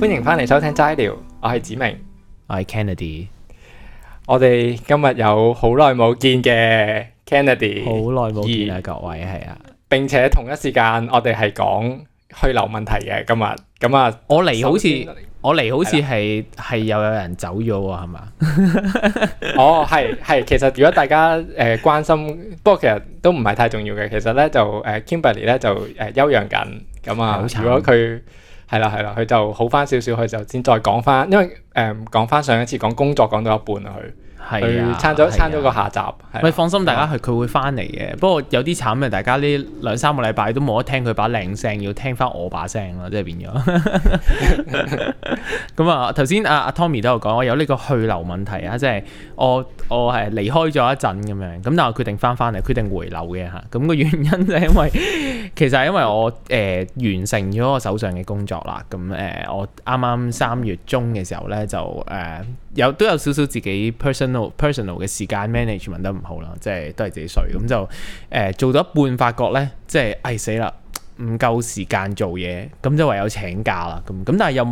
歡迎翻嚟收聽齋聊，我係梓明，我係 Kennedy。我哋今日有好耐冇見嘅 Kennedy，好耐冇見啊，各位係啊，並且同一時間我哋係講去留問題嘅今日，咁啊，我嚟好似我嚟好似係係又有人走咗喎，係嘛？哦，係係，其實如果大家誒關心，不過其實都唔係太重要嘅。其實咧就誒，Kimberly 咧就誒休養緊，咁啊，如果佢。係啦，係啦，佢就好翻少少，佢就先再講翻，因為誒、嗯、講翻上一次講工作講到一半啦，佢。係啊，撐咗了、啊、撐咗個下集。唔係、啊啊、放心，大家係佢會翻嚟嘅。啊、不過有啲慘嘅，大家呢兩三個禮拜都冇得聽佢把靚聲，要聽翻我把聲咯，即係變咗。咁 啊， 頭先阿阿 Tommy 都有講，我有呢個去留問題啊，即、就、係、是、我我係離開咗一陣咁樣，咁但係決定翻翻嚟，決定回流嘅嚇。咁、那個原因就係因為 其實係因為我誒、呃、完成咗我手上嘅工作啦。咁誒、呃，我啱啱三月中嘅時候咧就誒。呃就呃有都有少少自己 personal personal 嘅時間 management 得唔好啦，即係都係自己睡咁對 就誒、呃、做咗一半，發覺呢，即係唉死啦，唔、哎、夠時間做嘢，咁就唯有請假啦咁。咁但係又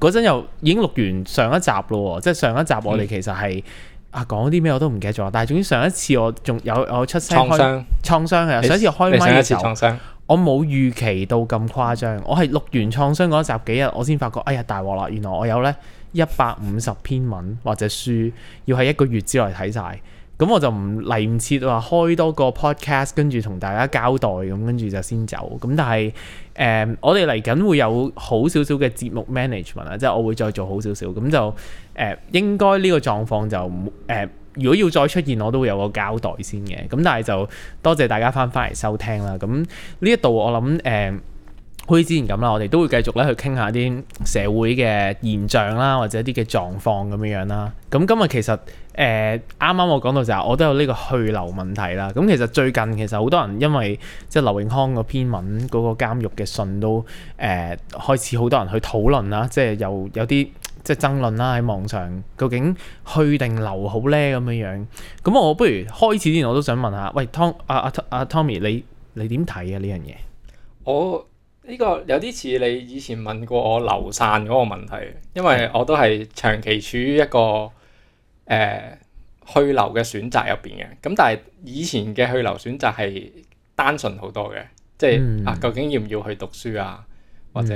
嗰陣又已經錄完上一集咯，即係上一集我哋其實係啊講啲咩我都唔記得咗，但係總之上一次我仲有我出聲創傷商嘅是上一次開麥就我冇預期到咁誇張，我係錄完創傷嗰一集幾日，我先發覺哎呀大鑊啦，原來我有呢。一百五十篇文或者書，要喺一個月之內睇晒，咁我就唔嚟唔切話開多個 podcast，跟住同大家交代咁，跟住就先走。咁但係誒、呃，我哋嚟緊會有好少少嘅節目 management 啊，即係我會再做好少少，咁就誒、呃、應該呢個狀況就誒、呃，如果要再出現，我都會有個交代先嘅。咁但係就多謝大家返返嚟收聽啦。咁呢一度我諗誒。呃之前咁啦，我哋都會繼續咧去傾下啲社會嘅現象啦，或者啲嘅狀況咁樣樣啦。咁今日其實誒啱啱我講到就係、是、我都有呢個去留問題啦。咁其實最近其實好多人因為即係劉永康個篇文嗰、那個監獄嘅信都誒、呃、開始好多人去討論啦，即係又有啲即係爭論啦喺網上，究竟去定留好咧，咁樣樣。咁我不如開始之前，我都想問下，喂 Tom 啊啊啊 Tommy，你你點睇啊呢樣嘢？我。呢個有啲似你以前問過我流散嗰個問題，因為我都係長期處於一個誒、呃、去留嘅選擇入邊嘅。咁但係以前嘅去留選擇係單純好多嘅，即係、嗯、啊究竟要唔要去讀書啊，或者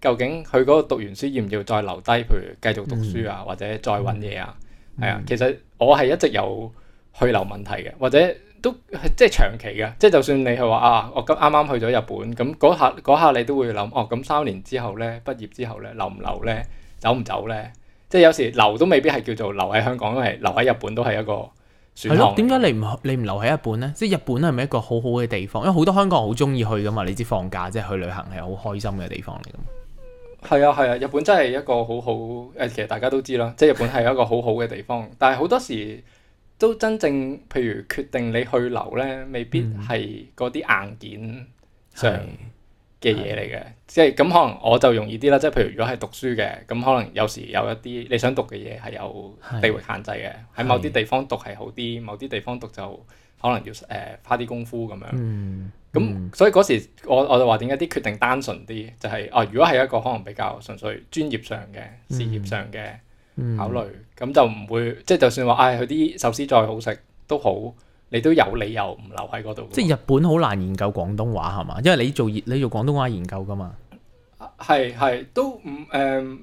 究竟去嗰個讀完書要唔要再留低，譬如繼續讀書啊，嗯、或者再揾嘢啊，係啊、嗯嗯。其實我係一直有去留問題嘅，或者。都即係長期嘅，即係就算你係話啊，我今啱啱去咗日本，咁嗰下下你都會諗，哦咁三年之後咧，畢業之後咧，留唔留咧，走唔走咧？即係有時留都未必係叫做留喺香港，因為留喺日本都係一個選項。係咯？點解你唔你唔留喺日本咧？即係日本係咪一個好好嘅地方？因為好多香港人好中意去噶嘛，你知放假即係去旅行係好開心嘅地方嚟嘅。係啊係啊，日本真係一個好好誒，其實大家都知啦，即係日本係一個好好嘅地方， 但係好多時。都真正，譬如決定你去留咧，未必係嗰啲硬件上嘅嘢嚟嘅。嗯、即係咁、嗯、可能我就容易啲啦。即係譬如如果係讀書嘅，咁可能有時有一啲你想讀嘅嘢係有地域限制嘅。喺是某啲地方讀係好啲，某啲地方讀就可能要誒、呃、花啲功夫咁樣。咁所以嗰時我我就話點解啲決定單純啲，就係、是、哦，如果係一個可能比較純粹專業上嘅事業上嘅考慮。嗯嗯嗯。咁就唔會，即係就算話，唉、哎，佢啲壽司再好食都好，你都有理由唔留喺嗰度。即係日本好難研究廣東話係嘛？因為你做你做廣東話研究噶嘛？係係都唔誒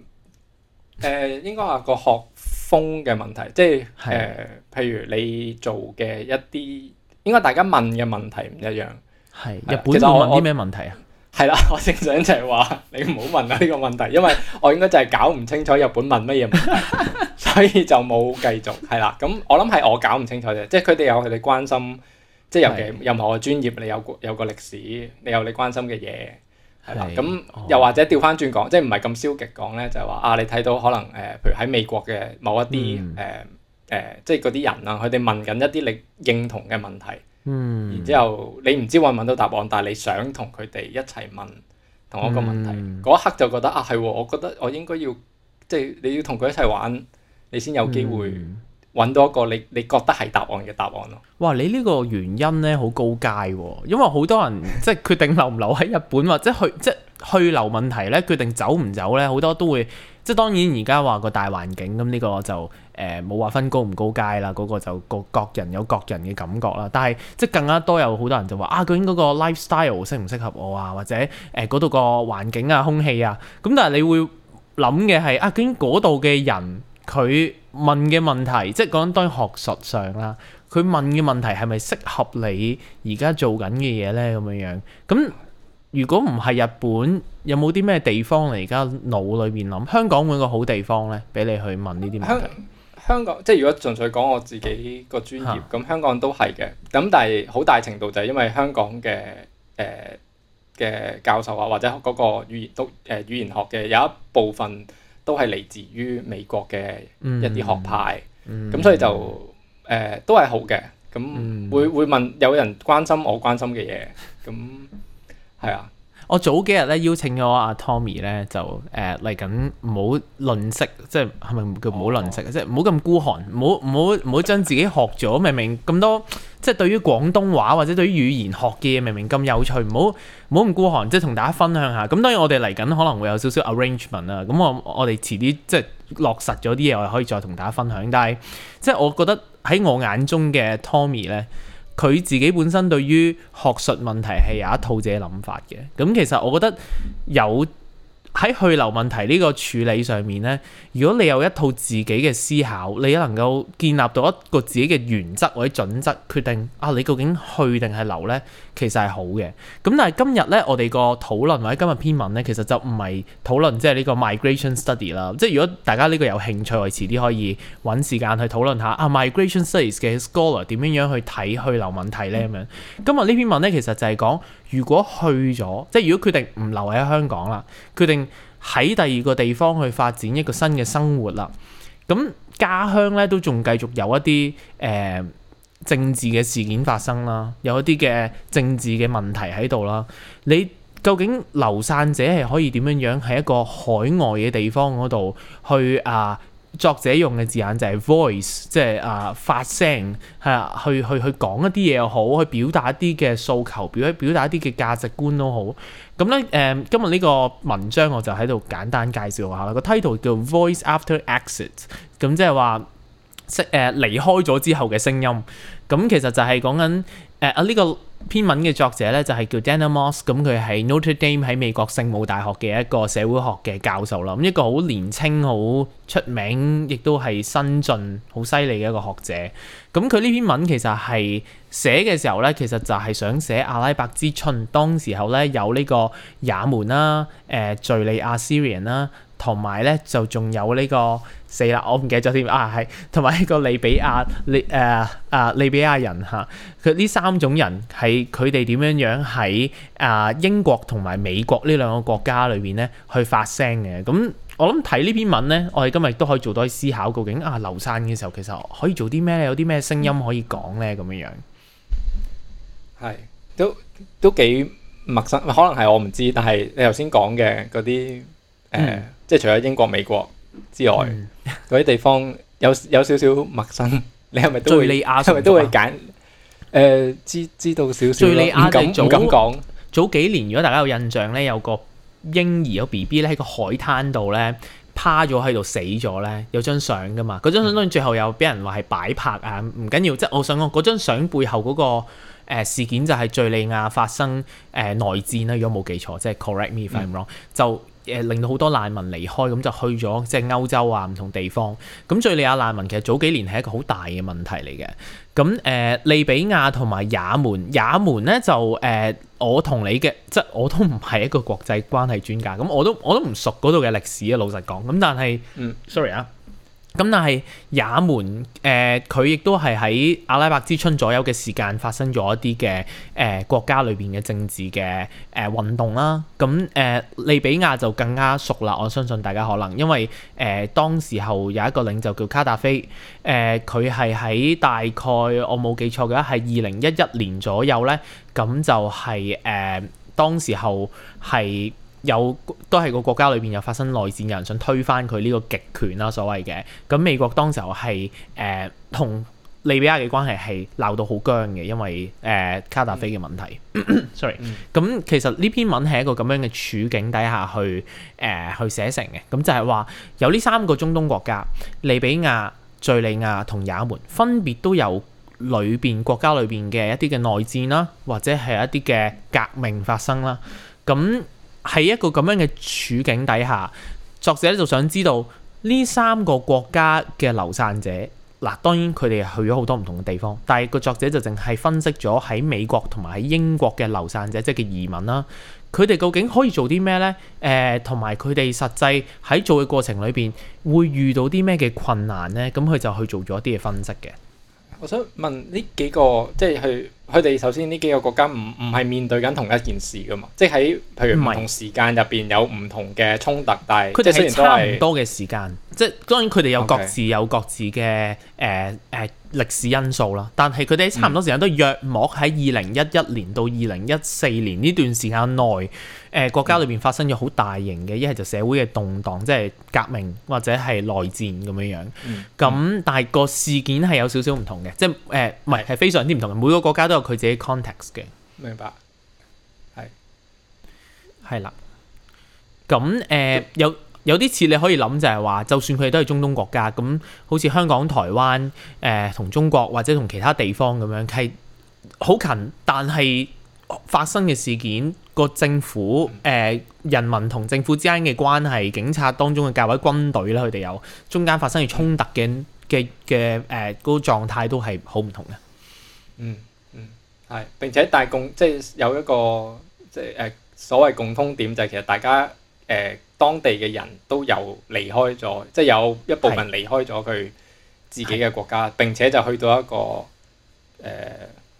誒，應該話個學風嘅問題。即係誒、呃，譬如你做嘅一啲，應該大家問嘅問題唔一樣。係日本會問啲咩問題啊？係啦，我正想就係話你唔好問啦呢個問題，因為我應該就係搞唔清楚日本問乜嘢問題。 所 以就冇繼續係啦。咁我諗係我搞唔清楚啫。即係佢哋有佢哋關心，即係尤其任何係我專業。你有的有個歷史，你有你關心嘅嘢係啦。咁的又或者調翻轉講，的即係唔係咁消極講咧，就係、是、話啊，你睇到可能誒、呃，譬如喺美國嘅某一啲誒誒，即係嗰啲人啊，佢哋問緊一啲你認同嘅問題。嗯、然之後你唔知搵唔搵到答案，但係你想同佢哋一齊問同一個問題，嗰、嗯、一刻就覺得啊，係我覺得我應該要即係你要同佢一齊玩。你先有機會揾到一個你你覺得係答案嘅答案咯。哇！你呢個原因咧，好高階喎、啊，因為好多人 即係決定留唔留喺日本，或者去即係去留問題咧，決定走唔走咧，好多都會即係當然而家話個大環境咁，呢個就誒冇話分高唔高階啦。嗰、嗰個就個各、各人有各人嘅感覺啦。但係即係更加多有好多人就話啊，究竟嗰個 lifestyle 適唔適合我啊，或者誒嗰度個環境啊、空氣啊咁，但係你會諗嘅係啊，究竟嗰度嘅人。佢問嘅問題，即係講當學術上啦。佢問嘅問題係咪適合你而家做緊嘅嘢咧？咁樣樣咁，如果唔係日本，有冇啲咩地方你而家腦裏邊諗？香港會個好地方咧，俾你去問呢啲問題。香港即係如果純粹講我自己個專業，咁、啊、香港都係嘅。咁但係好大程度就係因為香港嘅誒嘅教授啊，或者嗰個語言讀誒語言學嘅有一部分。都係嚟自於美國嘅一啲學派，咁、嗯嗯、所以就誒、呃、都係好嘅，咁會、嗯、會問有人關心我關心嘅嘢，咁係啊。我早幾日咧邀請咗阿 Tommy 咧，就誒嚟緊，唔好論識，即係係咪叫唔好論識啊？即係唔好咁孤寒，唔好唔好唔好將自己學咗明明咁多，即係對於廣東話或者對於語言學嘅嘢明明咁有趣，唔好唔好咁孤寒，即係同大家分享下。咁當然我哋嚟緊可能會有少少 arrangement 啦。咁我我哋遲啲即係落實咗啲嘢，我哋可以再同大家分享。但係即係我覺得喺我眼中嘅 Tommy 咧。佢自己本身對於學術問題係有一套自己諗法嘅，咁其實我覺得有喺去留問題呢個處理上面呢，如果你有一套自己嘅思考，你能夠建立到一個自己嘅原則或者準則，決定啊你究竟去定係留呢，其實係好嘅，咁但係今日咧，我哋個討論或者今日篇文咧，其實就唔係討論即係呢個 migration study 啦。即係如果大家呢個有興趣，我遲啲可以揾時間去討論下啊 migration studies 嘅 scholar 點樣樣去睇去留問題呢。咁樣、嗯。今日呢篇文咧，其實就係講如果去咗，即係如果決定唔留喺香港啦，決定喺第二個地方去發展一個新嘅生活啦。咁家鄉咧都仲繼續有一啲誒。呃政治嘅事件發生啦，有一啲嘅政治嘅問題喺度啦。你究竟流散者係可以點樣樣？喺一個海外嘅地方嗰度去啊？作者用嘅字眼就係 voice，即係啊發聲，係啊去去去講一啲嘢又好，去表達一啲嘅訴求，表表達一啲嘅價值觀都好。咁咧誒，今日呢個文章我就喺度簡單介紹下啦。個 title 叫 Voice After Exit，咁即係話。識誒離開咗之後嘅聲音，咁其實就係講緊誒啊呢個篇文嘅作者咧就係、是、叫 Dana Moss，咁佢係 Notre Dame 喺美國聖母大學嘅一個社會學嘅教授啦，咁一個好年青、好出名，亦都係新晉、好犀利嘅一個學者。咁佢呢篇文其實係寫嘅時候咧，其實就係想寫阿拉伯之春當時候咧有呢個也門啦、啊、誒、呃、敘利亞 Syrian 啦、啊。同埋咧就仲有呢個死啦，我唔記得咗添啊，係同埋一個利比亞，利誒啊利比亞人嚇，佢呢三種人係佢哋點樣樣喺啊英國同埋美國呢兩個國家裏邊咧去發聲嘅。咁我諗睇呢篇文咧，我哋今日亦都可以做多啲思考，究竟啊流散嘅時候其實可以做啲咩，有啲咩聲音可以講咧咁樣樣。係都都幾陌生，可能係我唔知，但係你頭先講嘅嗰啲誒。即係除咗英國、美國之外嗰啲、嗯、地方有，有有少少陌生，你係咪都會係咪都會揀？誒、呃、知知道少少。敘利亞敢早早幾年，如果大家有印象咧，有個嬰兒有個 B B 咧喺個海灘度咧趴咗喺度死咗咧，有張相噶嘛？嗰張相當然最後有俾人話係擺拍啊，唔緊要。即係我想講嗰張相背後嗰個事件就係敘利亞發生誒內戰啦。如果冇記錯，即、就、係、是、correct me if I'm wrong 就。嗯誒令到好多難民離開，咁就去咗即係歐洲啊，唔同地方。咁敍利亞難民其實早幾年係一個好大嘅問題嚟嘅。咁誒、呃、利比亞同埋也門，也門咧就誒、呃，我同你嘅即係我都唔係一個國際關係專家，咁我都我都唔熟嗰度嘅歷史啊，老實講。咁但係，嗯，sorry 啊。咁但係也門，誒佢亦都係喺阿拉伯之春左右嘅時間發生咗一啲嘅誒國家裏邊嘅政治嘅誒、呃、運動啦、啊。咁、呃、誒利比亞就更加熟啦。我相信大家可能因為誒、呃、當時候有一個領袖叫卡達菲，誒佢係喺大概我冇記錯嘅話係二零一一年左右咧。咁就係、是、誒、呃、當時候係。有都係個國家裏邊有發生內戰，有人想推翻佢呢個極權啦，所謂嘅。咁美國當時候係誒同利比亞嘅關係係鬧到好僵嘅，因為誒、呃、卡達菲嘅問題。 sorry、嗯。咁、嗯、其實呢篇文係一個咁樣嘅處境底下去誒、呃、去寫成嘅。咁、嗯、就係、是、話有呢三個中東國家，利比亞、敍利亞同也門，分別都有裏邊國家裏邊嘅一啲嘅內戰啦，或者係一啲嘅革命發生啦。咁、嗯喺一個咁樣嘅處境底下，作者就想知道呢三個國家嘅流散者嗱，當然佢哋去咗好多唔同嘅地方，但係個作者就淨係分析咗喺美國同埋喺英國嘅流散者，即係移民啦。佢哋究竟可以做啲咩呢？誒、呃，同埋佢哋實際喺做嘅過程裏邊會遇到啲咩嘅困難呢？咁佢就去做咗一啲嘅分析嘅。我想問呢幾個，即係去。佢哋首先呢幾個國家唔唔係面對緊同一件事㗎嘛，即係喺譬如唔同時間入邊有唔同嘅衝突，但係佢哋雖然都係差唔多嘅時間，即係當然佢哋有各自有各自嘅誒誒。Okay. 呃呃歷史因素啦，但係佢哋差唔多時間都約莫喺二零一一年到二零一四年呢段時間內，誒國家裏邊發生咗好大型嘅，一係就社會嘅動盪，即係革命或者係內戰咁樣樣。咁但係個事件係有少少唔同嘅，即係誒唔係係非常之唔同嘅，每個國家都有佢自己 context 嘅。明白，係係啦，咁誒有。有啲似你可以諗，就係話，就算佢哋都係中東國家，咁好似香港、台灣，誒、呃、同中國或者同其他地方咁樣，係好近，但係發生嘅事件，個政府、誒、呃、人民同政府之間嘅關係，警察當中嘅介位軍隊咧，佢哋有中間發生嘅衝突嘅嘅嘅誒個狀態都係好唔同嘅、嗯。嗯嗯，係，並且大共即係有一個即係誒、呃、所謂共通點，就係、是、其實大家。誒、呃、當地嘅人都有離開咗，即係有一部分離開咗佢自己嘅國家，的並且就去到一個誒、呃，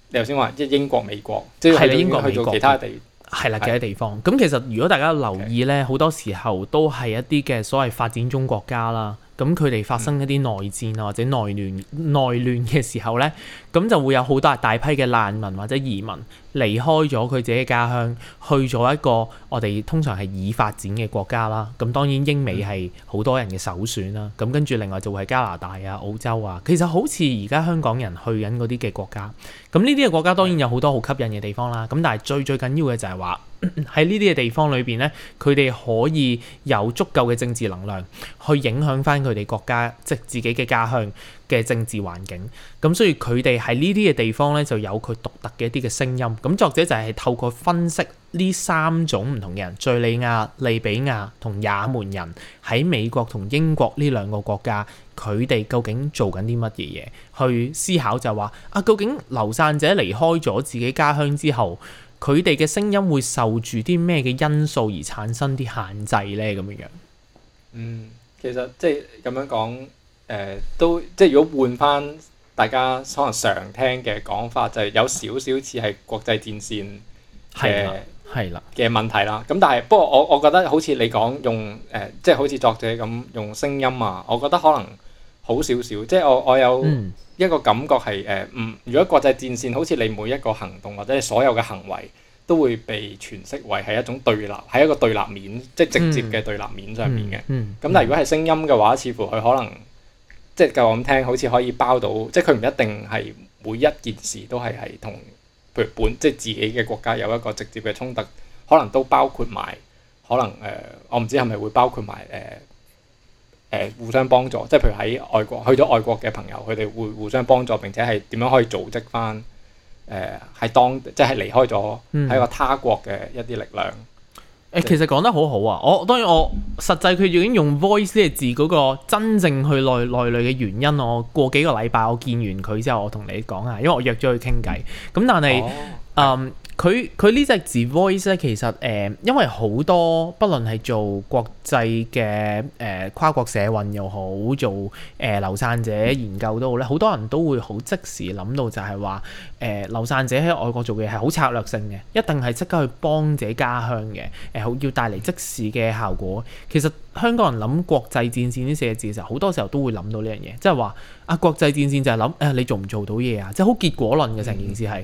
你頭先話即係英國、美國，即係英國去咗其他地，係啦，其他地方。咁的其實如果大家留意咧，好 Okay. 多時候都係一啲嘅所謂發展中國家啦，咁佢哋發生一啲內戰啊或者內亂、嗯、內亂嘅時候咧，咁就會有好多大批嘅難民或者移民。離開咗佢自己嘅家鄉，去咗一個我哋通常係已發展嘅國家啦。咁當然英美係好多人嘅首選啦。咁跟住另外就會係加拿大啊、澳洲啊。其實好似而家香港人去緊嗰啲嘅國家，咁呢啲嘅國家當然有好多好吸引嘅地方啦。咁但係最最緊要嘅就係話喺呢啲嘅地方裏邊呢，佢哋可以有足夠嘅政治能量去影響翻佢哋國家，即自己嘅家鄉嘅政治環境，咁所以佢哋喺呢啲嘅地方咧，就有佢獨特嘅一啲嘅聲音。咁作者就係透過分析呢三種唔同嘅人——敘利亞、利比亞同也門人——喺美國同英國呢兩個國家，佢哋究竟做緊啲乜嘢嘢？去思考就話啊，究竟流散者離開咗自己家鄉之後，佢哋嘅聲音會受住啲咩嘅因素而產生啲限制呢？咁樣樣，嗯，其實即係咁樣講。誒、呃、都即係如果換翻大家可能常聽嘅講法，就係、是、有少少似係國際戰線嘅係啦嘅問題啦。咁但係不過我我覺得好似你講用誒、呃，即係好似作者咁用聲音啊，我覺得可能好少少。即係我我有一個感覺係誒，嗯、呃，如果國際戰線好似你每一個行動或者係所有嘅行為都會被詮釋為係一種對立，喺一個對立面即係直接嘅對立面上面嘅。咁、嗯嗯嗯、但係如果係聲音嘅話，似乎佢可能。即係據我咁聽，好似可以包到，即係佢唔一定係每一件事都係係同，譬如本即係自己嘅國家有一個直接嘅衝突，可能都包括埋，可能誒、呃，我唔知係咪會包括埋誒誒互相幫助，即係譬如喺外國去咗外國嘅朋友，佢哋會互相幫助，並且係點樣可以組織翻誒喺當即係離開咗喺個他國嘅一啲力量。嗯誒，其實講得好好啊！我當然我實際佢已經用 voice 呢字嗰、嗰個真正去內內裏嘅原因，我過幾個禮拜我見完佢之後，我同你講啊，因為我約咗佢傾偈。咁但係，嗯。佢佢呢隻字 Voice 咧，其實誒、呃，因為好多，不論係做國際嘅誒、呃、跨國社運又好，做誒流、呃、散者研究都好咧，好多人都會好即時諗到就，就係話誒流散者喺外國做嘢係好策略性嘅，一定係即刻去幫自己家鄉嘅誒，好、呃、要帶嚟即時嘅效果。其實香港人諗國際戰線呢四個字嘅時候，好多時候都會諗到呢樣嘢，即係話啊，國際戰線就係諗誒，你做唔做到嘢啊？即係好結果論嘅成、嗯、件事係。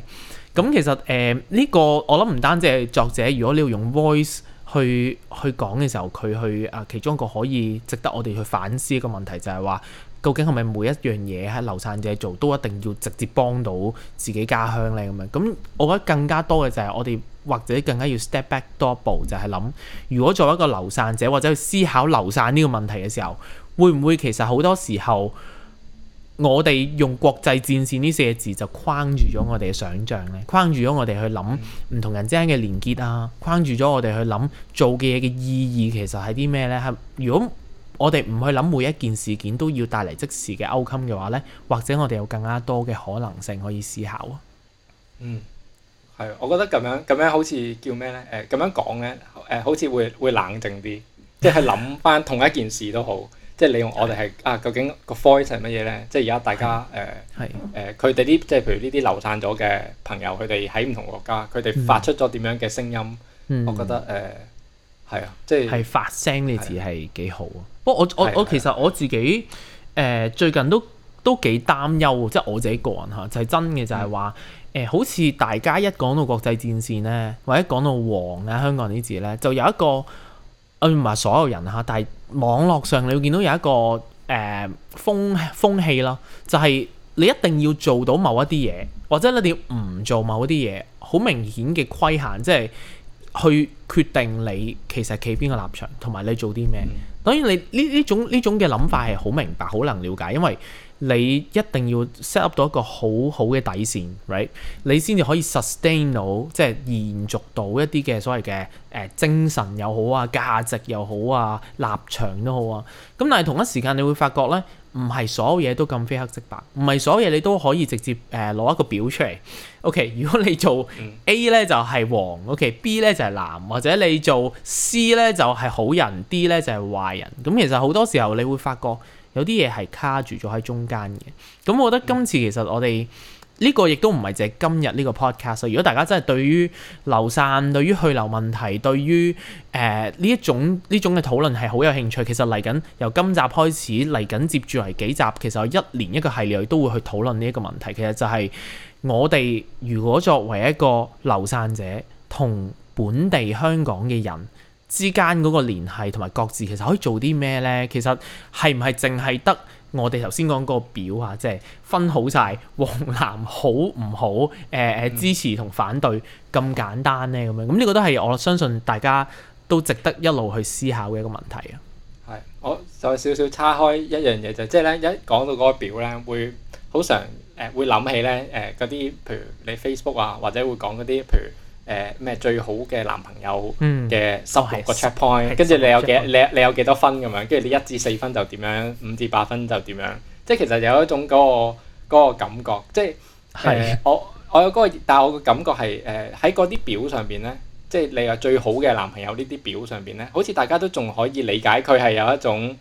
咁其實誒呢、呃這個我諗唔單止係作者，如果你要用 voice 去去講嘅時候，佢去啊其中一個可以值得我哋去反思一個問題就，就係話究竟係咪每一樣嘢喺流散者做都一定要直接幫到自己家鄉呢？咁樣咁我覺得更加多嘅就係我哋或者更加要 step back 多步就係、是、諗如果作為一個流散者或者去思考流散呢個問題嘅時候，會唔會其實好多時候，我哋用國際戰線呢四個字就框住咗我哋嘅想像咧，框住咗我哋去諗唔同人之間嘅連結啊，框住咗我哋去諗做嘅嘢嘅意義其實係啲咩咧？係如果我哋唔去諗每一件事件都要帶嚟即時嘅 outcome 嘅話咧，或者我哋有更加多嘅可能性可以思考啊。嗯，係，我覺得咁樣咁樣好似叫咩咧？誒、呃，咁樣講咧，誒、呃，好似會會冷靜啲，即係諗翻同一件事都好。即係你用我哋係啊，究竟個 voice 係乜嘢咧？即係而家大家誒誒，佢哋啲即係譬如呢啲流散咗嘅朋友，佢哋喺唔同國家，佢哋發出咗點樣嘅聲音？嗯、我覺得誒係啊，即係係發聲呢字係幾好啊！是不過我我我，我，我其實我自己誒、呃、最近都都幾擔憂，即係我自己個人嚇就係真嘅，就係話誒，好似大家一講到國際戰線咧，或者講到黃啊香港呢字咧，就有一個我唔話所有人嚇，但係。但網絡上你會見到有一個誒、呃、風風氣咯，就係、是、你一定要做到某一啲嘢，或者你唔做某一啲嘢，好明顯嘅規限，即、就、係、是、去決定你其實企邊個立場，同埋你做啲咩。嗯、當然你，你呢呢種呢種嘅諗法係好明白，好能了解，因為，你一定要 set up 到一個好好嘅底線，right？你先至可以 sustain 到，即係延續到一啲嘅所謂嘅誒、呃、精神又好啊，價值又好啊，立場都好啊。咁但係同一時間，你會發覺咧，唔係所有嘢都咁非黑即白，唔係所有嘢你都可以直接誒攞、呃、一個表出嚟。OK，如果你做 A 咧就係黃，OK，B、okay，咧就係藍，或者你做 C 咧就係好人，D 咧就係壞人。咁其實好多時候，你會發覺。有啲嘢係卡住咗喺中間嘅，咁我覺得今次其實我哋呢個亦都唔係淨係今日呢個 podcast。如果大家真係對於流散、對於去留問題、對於誒呢一種呢種嘅討論係好有興趣，其實嚟緊由今集開始嚟緊接住嚟幾集，其實我一連一個系列都會去討論呢一個問題。其實就係我哋如果作為一個流散者同本地香港嘅人，之間嗰個聯繫同埋各自其實可以做啲咩呢？其實係唔係淨係得我哋頭先講嗰個表啊？即係分好晒黃藍好唔好？誒誒、嗯呃、支持同反對咁簡單呢？咁樣咁呢、嗯嗯嗯這個都係我相信大家都值得一路去思考嘅一個問題啊！係，我就有少少叉開一樣嘢就即係咧一講到嗰個表咧，會好常誒、呃、會諗起咧誒嗰啲譬如你 Facebook 啊，或者會講嗰啲譬如。誒咩、呃、最好嘅男朋友嘅十個 check point，跟住、嗯哦、你有幾你你有幾多分咁樣，跟住你一至四分就點樣，五至八分就點樣，即係其實有一種嗰、個嗰個感覺，即係、呃、我我有嗰、個，但係我嘅感覺係誒喺嗰啲表上邊咧，即係你話最好嘅男朋友呢啲表上邊咧，好似大家都仲可以理解佢係有一種誒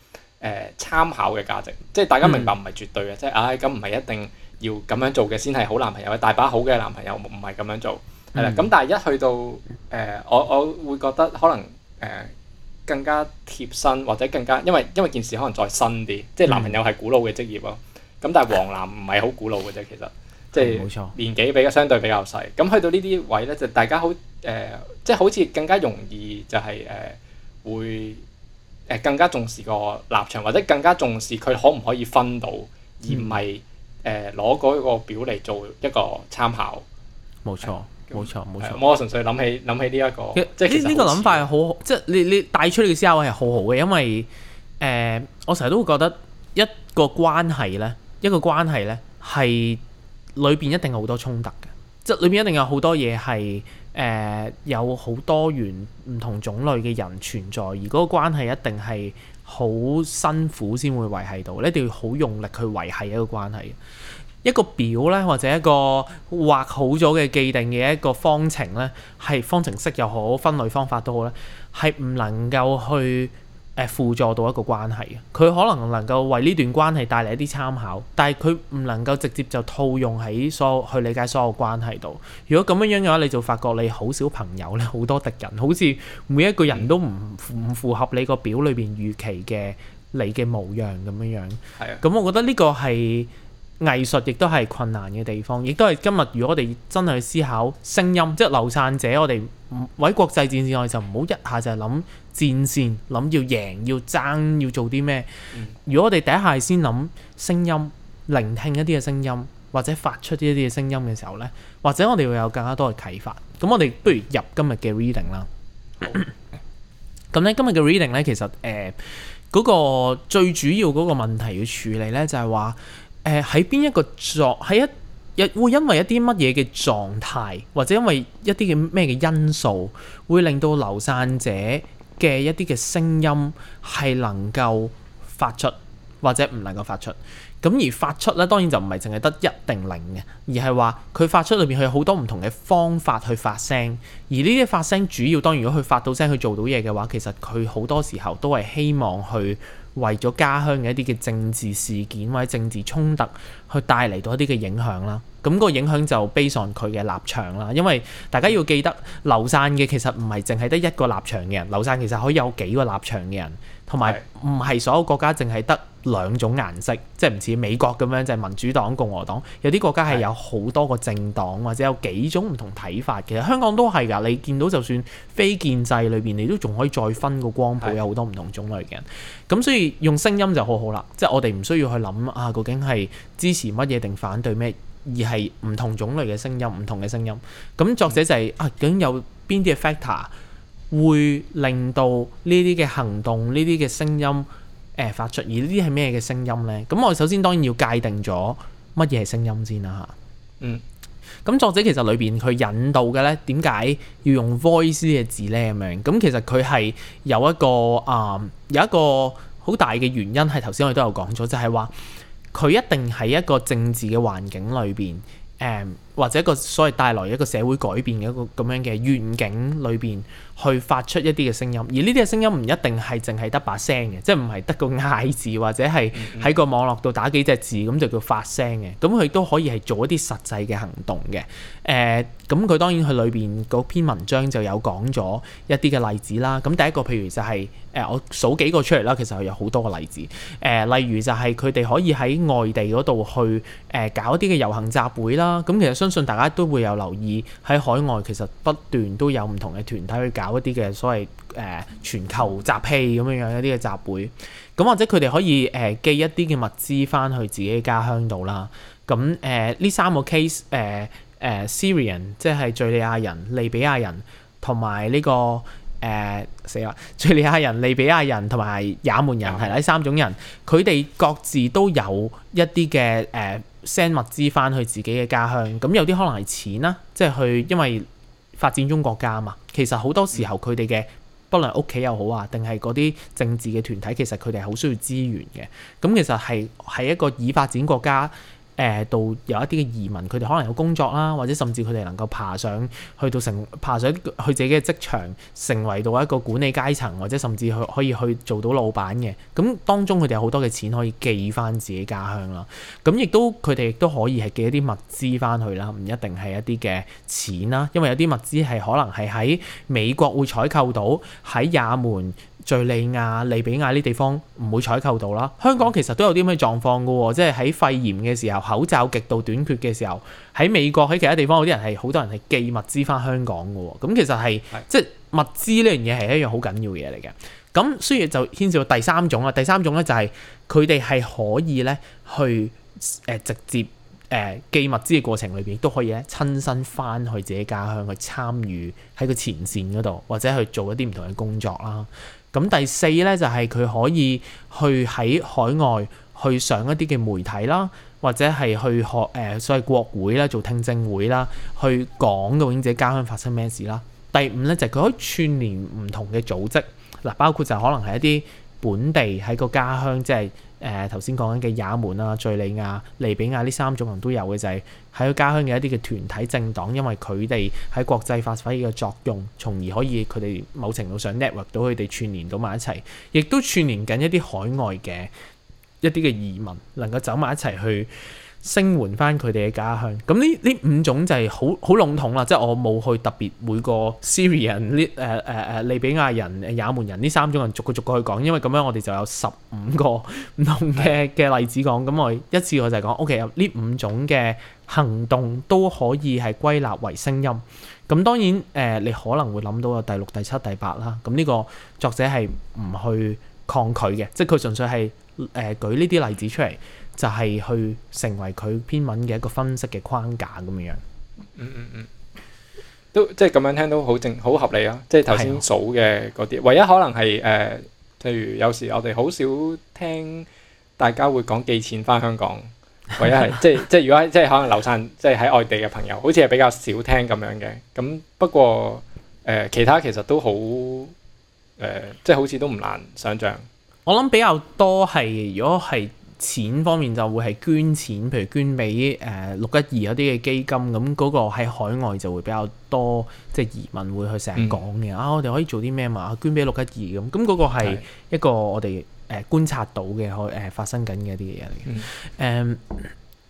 參、呃、考嘅價值，即係大家明白唔係絕對嘅，嗯、即係唉咁唔係一定要咁樣做嘅先係好男朋友，大把好嘅男朋友唔係咁樣做。係啦，咁但係一去到誒、呃，我我會覺得可能誒、呃、更加貼身，或者更加因為因為件事可能再新啲，即係男朋友係古老嘅職業咯。咁、嗯、但係黃藍唔係好古老嘅啫，其實即係年紀比較相對比較細。咁去到呢啲位咧，就大家好誒、呃，即係好似更加容易就係、是、誒、呃、會誒更加重視個立場，或者更加重視佢可唔可以分到，而唔係誒攞嗰個表嚟做一個參考。冇、嗯、錯。冇錯冇錯，錯，嗯、我純粹諗起諗起呢、這、一個，其實呢呢個諗法係好，好像即係你你帶出嚟嘅思考係好好嘅，因為誒、呃，我成日都會覺得一個關係呢，一個關係呢，係裏邊一定有好多衝突嘅，即係裏邊一定有好多嘢係誒有好多元唔同種類嘅人存在，而嗰個關係一定係好辛苦先會維繫到，你一定要好用力去維繫一個關係。一個表咧，或者一個畫好咗嘅既定嘅一個方程咧，係方程式又好，分類方法都好咧，係唔能夠去誒輔助到一個關係嘅。佢可能能夠為呢段關係帶嚟一啲參考，但係佢唔能夠直接就套用喺所有去理解所有關係度。如果咁樣樣嘅話，你就發覺你好少朋友咧，好多敵人，好似每一個人都唔唔符合你個表裏邊預期嘅你嘅模樣咁樣樣。係啊，咁我覺得呢個係。藝術亦都係困難嘅地方，亦都係今日。如果我哋真係去思考聲音，即係流散者，我哋喺國際戰線內就唔好一下就係諗戰線，諗要贏、要爭、要做啲咩。嗯、如果我哋第一下先諗聲音，聆聽一啲嘅聲音，或者發出呢一啲嘅聲音嘅時候呢，或者我哋會有更加多嘅啟發。咁我哋不如入今日嘅 reading 啦。咁好 呢，今日嘅 reading 呢，其實誒嗰、呃嗰個最主要嗰個問題要處理呢，就係、是、話。誒喺邊一個作，喺一一會因為一啲乜嘢嘅狀態，或者因為一啲嘅咩嘅因素，會令到流散者嘅一啲嘅聲音係能夠發出，或者唔能夠發出。咁而發出咧，當然就唔係淨係得一定零嘅，而係話佢發出裏邊佢有好多唔同嘅方法去發聲。而呢啲發聲主要，當然如果佢發到聲去做到嘢嘅話，其實佢好多時候都係希望去。為咗家鄉嘅一啲嘅政治事件或者政治衝突，去帶嚟到一啲嘅影響啦。咁個影響就 base on 佢嘅立場啦，因為大家要記得，流散嘅其實唔係淨係得一個立場嘅人，流散其實可以有幾個立場嘅人，同埋唔係所有國家淨係得兩種顏色，的即係唔似美國咁樣就係、是、民主黨、共和黨。有啲國家係有好多個政黨，或者有幾種唔同睇法，其實香港都係㗎，你見到就算非建制裏邊，你都仲可以再分個光譜，有好多唔同種類嘅人。咁的所以用聲音就好好啦，即係我哋唔需要去諗啊，究竟係支持乜嘢定反對咩？而係唔同種類嘅聲音，唔同嘅聲音。咁作者就係、是、啊，究竟有邊啲嘅 factor 會令到呢啲嘅行動、呢啲嘅聲音誒、呃、發出？而呢啲係咩嘅聲音呢？咁我首先當然要界定咗乜嘢係聲音先啦嚇。嗯。咁作者其實裏邊佢引導嘅呢點解要用 voice 嘅字呢？咁樣咁其實佢係有一個啊、呃，有一個好大嘅原因係頭先我哋都有講咗，就係、是、話。佢一定喺一個政治嘅環境裏邊，誒，um。或者個所謂帶來一個社會改變嘅一個咁樣嘅願景裏邊，去發出一啲嘅聲音。而呢啲嘅聲音唔一定係淨係得把聲嘅，即係唔係得個嗌字或者係喺個網絡度打幾隻字咁就叫發聲嘅。咁佢都可以係做一啲實際嘅行動嘅。誒、呃，咁佢當然佢裏邊嗰篇文章就有講咗一啲嘅例子啦。咁第一個譬如就係、是、誒、呃，我數幾個出嚟啦，其實有好多個例子。誒、呃，例如就係佢哋可以喺外地嗰度去誒、呃、搞一啲嘅遊行集會啦。咁其實，相信大家都會有留意喺海外，其實不斷都有唔同嘅團體去搞一啲嘅所謂誒、呃、全球集氣咁樣樣一啲嘅集會，咁、嗯、或者佢哋可以誒、呃、寄一啲嘅物資翻去自己嘅家鄉度啦。咁誒呢三個 case 誒誒 Syrian 即係敍利亞人、利比亞人同埋呢個誒、呃、死啦敍利亞人、利比亞人同埋也門人係啦，呢三種人佢哋各自都有一啲嘅誒、呃 send 物資翻去自己嘅家鄉，咁有啲可能係錢啦，即係去，因為發展中國家嘛，其實好多時候佢哋嘅，不論屋企又好啊，定係嗰啲政治嘅團體，其實佢哋係好需要資源嘅，咁其實係喺一個已發展國家。誒到有一啲嘅移民，佢哋可能有工作啦，或者甚至佢哋能夠爬上去到成爬上去自己嘅職場，成為到一個管理階層，或者甚至去可以去做到老闆嘅。咁當中佢哋有好多嘅錢可以寄翻自己家鄉啦。咁亦都佢哋亦都可以係寄一啲物資翻去啦，唔一定係一啲嘅錢啦，因為有啲物資係可能係喺美國會採購到，喺也門、敘利亞、利比亞呢地方唔會採購到啦。香港其實都有啲咩狀況噶，即係喺肺炎嘅時候。口罩極度短缺嘅時候，喺美國喺其他地方有啲人係好多人係寄物資翻香港嘅喎，咁其實係的即係物資呢樣嘢係一樣好緊要嘅嘢嚟嘅。咁所以就牽涉到第三種啦，第三種咧就係佢哋係可以咧去誒、呃、直接誒、呃、寄物資嘅過程裏邊，都可以咧親身翻去自己家鄉去參與喺個前線嗰度，或者去做一啲唔同嘅工作啦。咁第四咧就係、是、佢可以去喺海外去上一啲嘅媒體啦。或者係去學誒、呃，所謂國會啦，做聽證會啦，去講個永者家鄉發生咩事啦。第五咧就係、是、佢可以串聯唔同嘅組織，嗱，包括就可能係一啲本地喺個家鄉，即係誒頭先講緊嘅也門啊、敍利亞、利比亞呢三種人都有嘅就係、是、喺個家鄉嘅一啲嘅團體政黨，因為佢哋喺國際發揮嘅作用，從而可以佢哋某程度上 network 到佢哋串聯到埋一齊，亦都串聯緊一啲海外嘅。一啲嘅移民能夠走埋一齊去聲援翻佢哋嘅家鄉。咁呢呢五種就係好好籠統啦，即係我冇去特別每個 Syrian 呢誒誒、啊、誒利比亞人、也門人呢三種人逐個逐個去講，因為咁樣我哋就有十五個唔同嘅嘅例子講。咁我一次我就係講，OK，呢五種嘅行動都可以係歸納為聲音。咁當然誒、呃，你可能會諗到有第六、第七、第八啦。咁呢個作者係唔去抗拒嘅，即係佢純粹係。誒、呃，舉呢啲例子出嚟，就係、是、去成為佢篇文嘅一個分析嘅框架咁樣樣。嗯嗯嗯，都即係咁樣聽都好正，好合理啊！即係頭先數嘅嗰啲，的唯一可能係誒，譬、呃、如有時我哋好少聽大家會講寄錢翻香港，唯一係 即係即係如果即係可能流散即係喺外地嘅朋友，好似係比較少聽咁樣嘅。咁不過誒、呃，其他其實都好誒、呃，即係好似都唔難想象。我諗比較多係，如果係錢方面就會係捐錢，譬如捐俾誒六一二嗰啲嘅基金，咁嗰個喺海外就會比較多，即係移民會去成日講嘅。嗯、啊，我哋可以做啲咩嘛？捐俾六一二咁，咁嗰個係一個我哋誒觀察到嘅，可、呃、誒發生緊嘅一啲嘢嚟嘅。誒誒、嗯，咁、嗯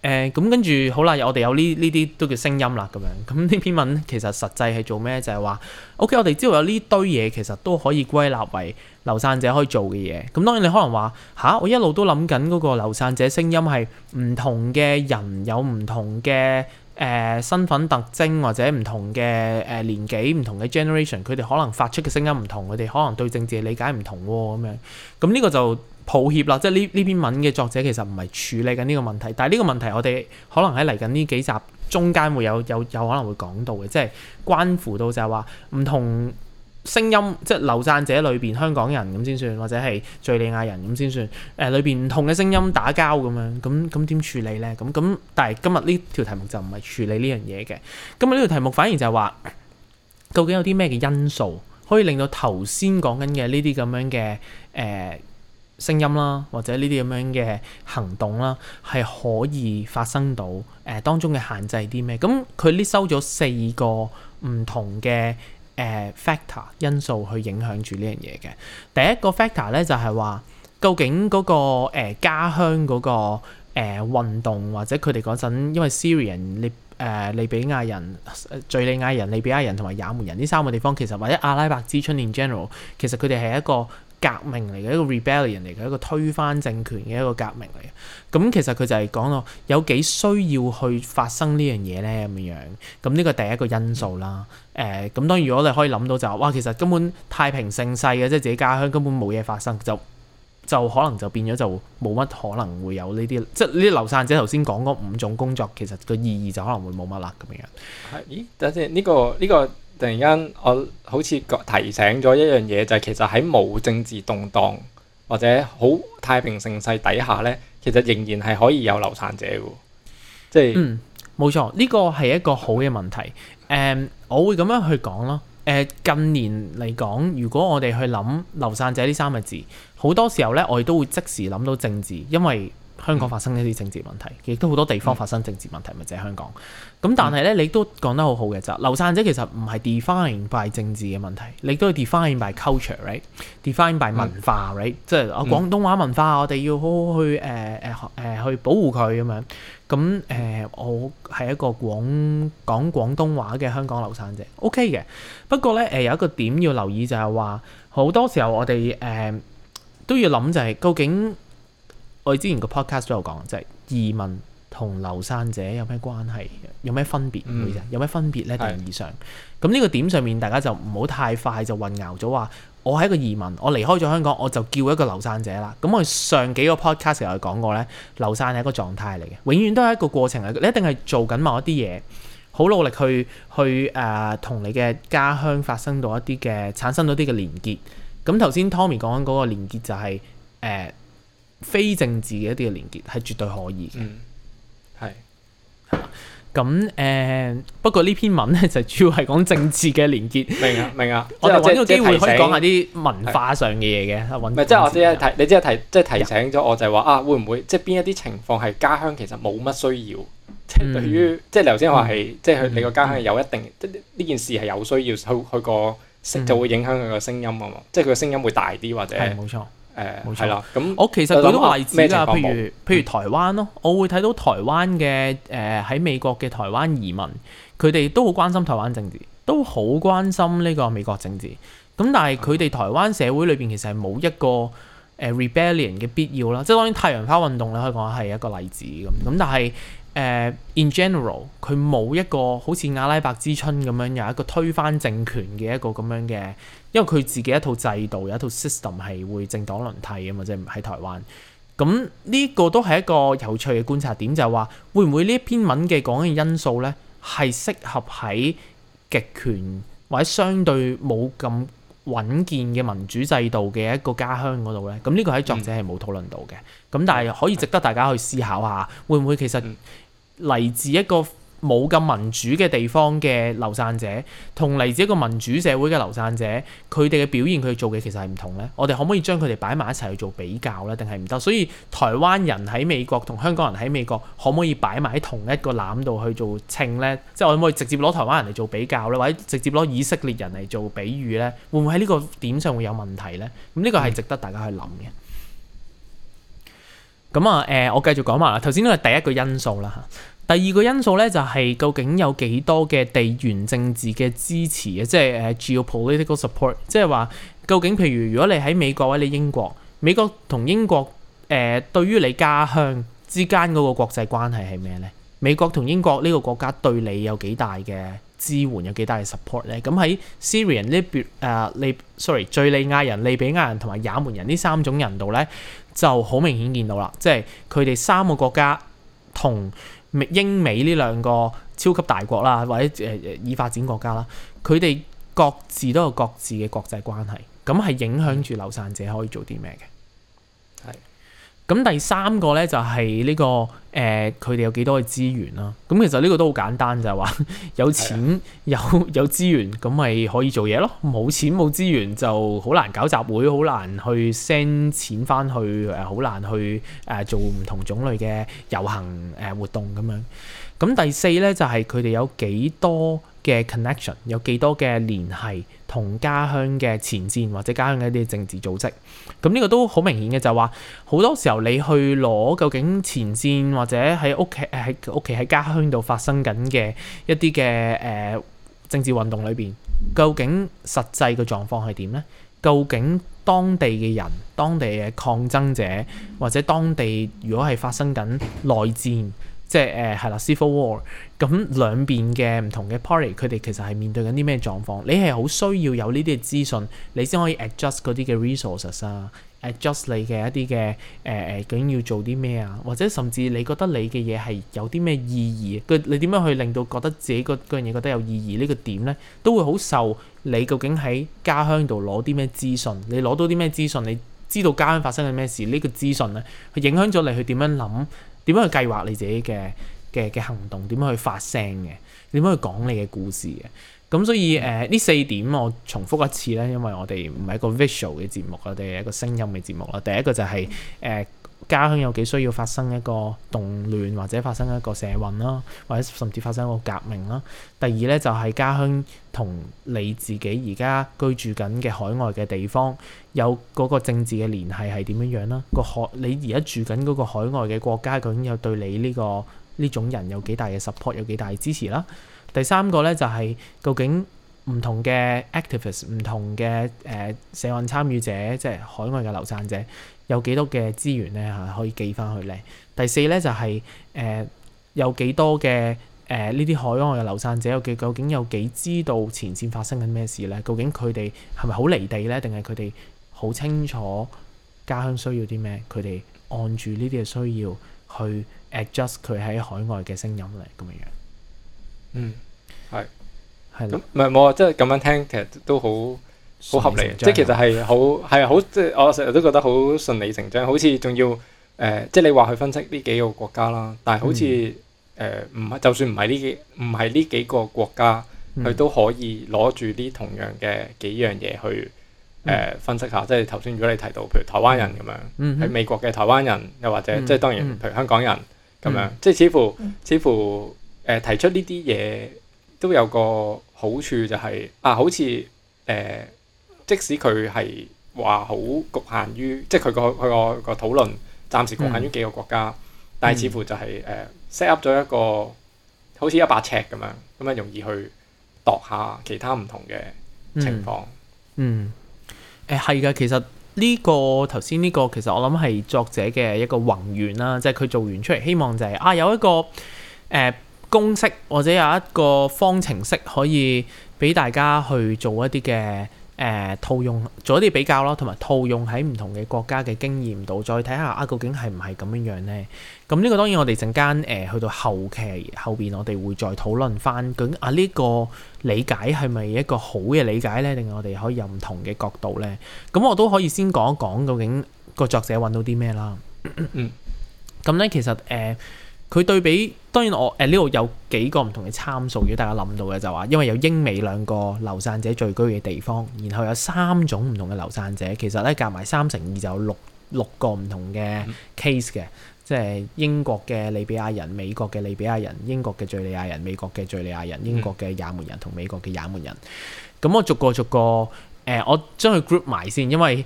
嗯嗯、跟住好啦，我哋有呢呢啲都叫聲音啦，咁樣。咁呢篇文其實實際係做咩？就係、是、話，OK，我哋知道有呢堆嘢，其實都可以歸納為流散者可以做嘅嘢，咁當然你可能話吓，我一路都諗緊嗰個流散者聲音係唔同嘅人有唔同嘅誒、呃、身份特徵或者唔同嘅誒、呃、年紀唔同嘅 generation，佢哋可能發出嘅聲音唔同，佢哋可能對政治理解唔同喎咁樣。咁呢個就抱歉啦，即係呢呢篇文嘅作者其實唔係處理緊呢個問題，但係呢個問題我哋可能喺嚟緊呢幾集中間會有有有可能會講到嘅，即係關乎到就係話唔同。聲音即係流散者裏邊香港人咁先算，或者係敍利亞人咁先算。誒裏邊唔同嘅聲音打交咁樣，咁咁點處理呢？咁咁，但係今日呢條題目就唔係處理呢樣嘢嘅。今日呢條題目反而就係話，究竟有啲咩嘅因素可以令到頭先講緊嘅呢啲咁樣嘅誒聲音啦，或者呢啲咁樣嘅行動啦，係可以發生到誒、呃、當中嘅限制啲咩？咁佢呢收咗四個唔同嘅。誒、uh, factor 因素去影響住呢樣嘢嘅，第一個 factor 咧就係話，究竟嗰個誒家鄉嗰個誒運動或者佢哋嗰陣，因為 Syrian 利誒利比亞人、敍利亞人、利比亞人同埋也門人呢三個地方，其實或者阿拉伯之春 in general，其實佢哋係一個。革命嚟嘅一個 rebellion 嚟嘅一個推翻政權嘅一個革命嚟嘅，咁其實佢就係講到有幾需要去發生呢樣嘢咧，咁樣，咁呢個第一個因素啦。誒、欸，咁當然如果你可以諗到就，哇，其實根本太平盛世嘅，即係自己家鄉根本冇嘢發生，就就可能就變咗就冇乜可能會有呢啲，即係呢啲流散者頭先講嗰五種工作，其實個意義就可能會冇乜啦咁樣。係，咦？但係呢個呢個。呢個突然間，我好似提醒咗一樣嘢，就係其實喺冇政治動盪或者好太平盛世底下咧，其實仍然係可以有流散者嘅。即係嗯，冇錯，呢個係一個好嘅問題。誒，我會咁樣去講咯。誒，近年嚟講，如果我哋去諗流散者呢三個字，好多時候咧，我哋都會即時諗到政治，因為，香港發生一啲政治問題，亦都好多地方發生政治問題，唔係、嗯、香港。咁但係咧，你都講得好好嘅啫。流散者其實唔係 define by 政治嘅問題，你都 define by culture，right? define by 文化，right? 即係我、嗯、廣東話文化，我哋要好好去誒誒誒去保護佢咁樣。咁、呃、誒，我係一個廣講廣東話嘅香港流散者，OK 嘅。不過咧，誒有一個點要留意就係話，好多時候我哋誒、呃、都要諗就係、是、究竟。我哋之前個 podcast 都有講，就係、是、移民同流散者有咩關係，有咩分別？唔好、嗯、意思，有咩分別咧定義上？咁呢的個點上面，大家就唔好太快就混淆咗話，我係一個移民，我離開咗香港，我就叫一個流散者啦。咁我哋上幾個 podcast 又講過咧，流散係一個狀態嚟嘅，永遠都係一個過程嚟，嘅。你一定係做緊某一啲嘢，好努力去去誒，同、呃、你嘅家鄉發生到一啲嘅產生咗啲嘅連結。咁頭先 Tommy 講緊嗰個連結就係、是、誒。呃非政治嘅一啲嘅連結係絕對可以嘅，係咁誒，不過呢篇文咧就主要係講政治嘅連結，明啊明啊。我就揾個機會可以講下啲文化上嘅嘢嘅，即係我即係提你即係提即係提醒咗我就係話啊，會唔會即係邊一啲情況係家鄉其實冇乜需要？即係對於即係你頭先話係即係你個家鄉有一定即呢件事係有需要，佢佢個就會影響佢個聲音啊嘛，即係佢個聲音會大啲或者冇錯。誒，冇錯。啦、嗯，咁我其實舉個例子啦，譬如譬如台灣咯，嗯、我會睇到台灣嘅誒喺美國嘅台灣移民，佢哋都好關心台灣政治，都好關心呢個美國政治。咁但係佢哋台灣社會裏邊其實係冇一個誒、呃、rebellion 嘅必要啦，即係當然太陽花運動咧可以講係一個例子咁。咁但係誒、呃、in general，佢冇一個好似阿拉伯之春咁樣有一個推翻政權嘅一個咁樣嘅。因為佢自己一套制度，有一套 system 係會政黨輪替嘅嘛，即係喺台灣。咁呢個都係一個有趣嘅觀察點，就係話會唔會呢一篇文嘅講嘅因素呢，係適合喺極權或者相對冇咁穩健嘅民主制度嘅一個家鄉嗰度呢？咁呢個喺作者係冇討論到嘅。咁、嗯、但係可以值得大家去思考下，會唔會其實嚟自一個？冇咁民主嘅地方嘅流散者，同嚟自一個民主社會嘅流散者，佢哋嘅表現，佢做嘅其實，係唔同咧。我哋可唔可以將佢哋擺埋一齊去做比較咧？定係唔得？所以台灣人喺美國同香港人喺美國可唔可以擺埋喺同一個籃度去做稱咧？即係我可唔可以直接攞台灣人嚟做比較咧，或者直接攞以色列人嚟做比喻咧？會唔會喺呢個點上會有問題咧？咁呢個係值得大家去諗嘅。咁、嗯、啊，誒、呃，我繼續講埋啦。頭先都係第一個因素啦，第二個因素咧，就係、是、究竟有幾多嘅地緣政治嘅支持啊？即係誒，geopolitical political support，即係話究竟，譬如如果你喺美國或者你英國，美國同英國誒、呃、對於你家鄉之間嗰個國際關係係咩呢？美國同英國呢個國家對你有幾大嘅支援，有幾大嘅 support 呢？咁喺 Syrian 呢邊利 sorry 敍利亞人、利比亞人同埋也門人呢三種人度呢，就好明顯見到啦，即係佢哋三個國家同美、英、美呢兩個超級大國啦，或者誒誒已發展國家啦，佢哋各自都有各自嘅國際關係，咁係影響住流散者可以做啲咩嘅。咁第三個咧就係呢個誒，佢哋有幾多嘅資源啦？咁其實呢個都好簡單，就係話有錢有有資源，咁咪可以做嘢咯。冇錢冇資源就好難搞集會，好難去 send 錢翻去誒，好難去誒做唔同種類嘅遊行誒活動咁樣。咁第四咧就係佢哋有幾多？嘅 connection 有幾多嘅聯繫，同家鄉嘅前線或者家鄉嘅一啲政治組織，咁呢個都好明顯嘅就係話，好多時候你去攞究竟前線或者喺屋企喺屋企喺家鄉度發生緊嘅一啲嘅誒政治運動裏邊，究竟實際嘅狀況係點呢？究竟當地嘅人、當地嘅抗爭者或者當地如果係發生緊內戰？即係誒係啦 civil war。咁兩邊嘅唔同嘅 party 佢哋其實係面對緊啲咩狀況？你係好需要有呢啲嘅資訊，你先可以 adjust 嗰啲嘅 resources 啊，adjust 你嘅一啲嘅誒誒，究竟要做啲咩啊？或者甚至你覺得你嘅嘢係有啲咩意義？你點樣去令到覺得自己個樣嘢覺得有意義呢、呢個點咧，都會好受你究竟喺家鄉度攞啲咩資訊？你攞到啲咩資訊？你知道家鄉發生緊咩事？呢、呢個資訊咧，佢影響咗你去點樣諗。點樣去計劃你自己嘅嘅嘅行動？點樣去發聲嘅？點樣去講你嘅故事嘅？咁所以誒，呢、呃、四點我重複一次咧，因為我哋唔係一個 visual 嘅節目，我哋係一個聲音嘅節目啦。第一個就係、是、誒。呃.家鄉有幾需要發生一個動亂，或者發生一個社運啦，或者甚至發生一個革命啦。第二咧，就係家鄉同你自己而家居住緊嘅海外嘅地方有嗰個政治嘅聯繫係點樣樣啦。個海，你而家住緊嗰個海外嘅國家，究竟有對你呢個呢種人有幾大嘅 support，有幾大支持啦。第三個咧，就係究竟唔同嘅 activist、唔同嘅誒社運參與者，即係海外嘅流散者。有幾多嘅資源咧嚇、啊、可以寄翻去咧？第四咧就係、是、誒、呃、有幾多嘅誒呢啲海外嘅流散者究竟有幾知道前線發生緊咩事咧？究竟佢哋係咪好離地咧，定係佢哋好清楚家鄉需要啲咩？佢哋按住呢啲嘅需要去 adjust 佢喺海外嘅聲音咧咁樣樣。嗯，係係咁唔係冇啊！即係咁樣聽，其實都好。好合理，理即係其實係好係好，即係我成日都覺得好順理成章，好似仲要誒、呃，即係你話去分析呢幾個國家啦，但係好似誒唔，就算唔係呢幾唔係呢幾個國家，佢都可以攞住呢同樣嘅幾樣嘢去誒、呃、分析下。嗯、即係頭先，如果你提到譬如台灣人咁樣，喺、嗯嗯、美國嘅台灣人，又或者、嗯嗯、即係當然譬如香港人咁、嗯嗯、樣，即、就、係、是、似乎似乎誒提出呢啲嘢都有個好處，就係、是就是、啊，好似誒。Coup，呃啊啊啊啊啊即使佢係話好局限於，即係佢個佢個個討論暫時局限於幾個國家，嗯、但係似乎就係誒 set up 咗一個好似一把尺咁樣，咁樣容易去度下其他唔同嘅情況。嗯，誒係嘅，其實呢、呢個頭先呢個其實我諗係作者嘅一個宏願啦，即係佢做完出嚟，希望就係、係、啊有一個誒、呃、公式或者有一個方程式可以俾大家去做一啲嘅。誒套用做一啲比較咯，同埋套用喺唔同嘅國家嘅經驗度，再睇下啊，究竟係唔係咁樣樣咧？咁呢個當然我哋陣間誒去到後期後邊，我哋會再討論翻。究竟啊呢個理解係咪一個好嘅理解咧？定我哋可以有唔同嘅角度咧？咁我都可以先講一講，究竟個作者揾到啲咩啦？咁咧，其實誒佢對比。當然我誒呢度有幾個唔同嘅參數，如果大家諗到嘅就話，因為有英美兩個流散者聚居嘅地方，然後有三種唔同嘅流散者，其實咧夾埋三乘二就有六六個唔同嘅 case 嘅，即係英國嘅利比亞人、美國嘅利比亞人、英國嘅敍利亞人、美國嘅敍利亞人、英國嘅也門人同美國嘅也門人。咁我逐個逐個誒、呃，我將佢 group 埋先，因為。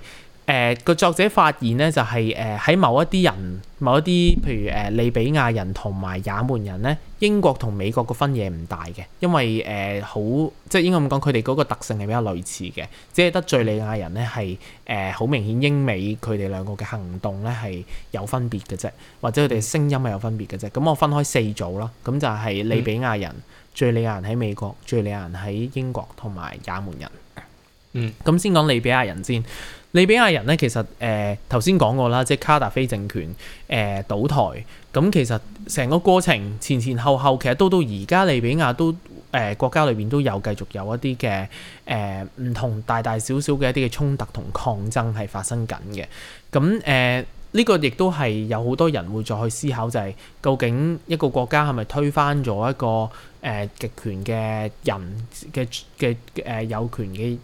誒個作者發現咧，就係誒喺某一啲人，某一啲譬如誒利比亞人同埋也門人咧，英國同美國個分野唔大嘅，因為誒好、呃、即係應該咁講，佢哋嗰個特性係比較類似嘅，即係得敍利亞人咧係誒好明顯英美佢哋兩個嘅行動咧係有分別嘅啫，或者佢哋聲音係有分別嘅啫。咁我分開四組啦，咁就係利比亞人、嗯、敍利亞人喺美國、敍利亞人喺英國同埋也門人。嗯，咁先講利比亞人先。利比亞人咧，其實誒頭先講過啦，即係卡達菲政權誒、呃、倒台，咁其實成個過程前前後後，其實都到而家利比亞都誒、呃、國家裏邊都有繼續有一啲嘅誒唔同大大小小嘅一啲嘅衝突同抗爭係發生緊嘅，咁誒呢個亦都係有好多人會再去思考、就係，就係究竟一個國家係咪推翻咗一個誒、呃、極權嘅人嘅嘅誒有權嘅？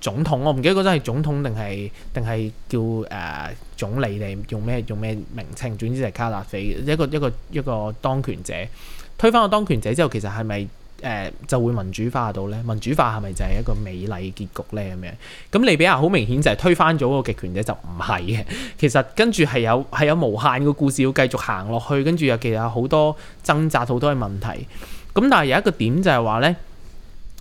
總統，我唔記得嗰陣係總統定係定係叫誒、呃、總理定用咩？用咩名稱？總之就係卡達菲，一個一個一個當權者。推翻個當權者之後，其實係咪誒就會民主化到咧？民主化係咪就係一個美麗結局咧？咁樣咁利比亞好明顯就係推翻咗個極權者，就唔係嘅。其實跟住係有係有無限個故事要繼續行落去，跟住又其實有好多掙扎，好多嘅問題。咁但係有一個點就係話咧，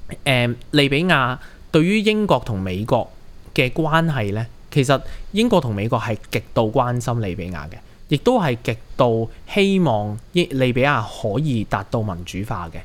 誒、呃、利比亞。對於英國同美國嘅關係呢，其實英國同美國係極度關心利比亞嘅，亦都係極度希望利比亞可以達到民主化嘅。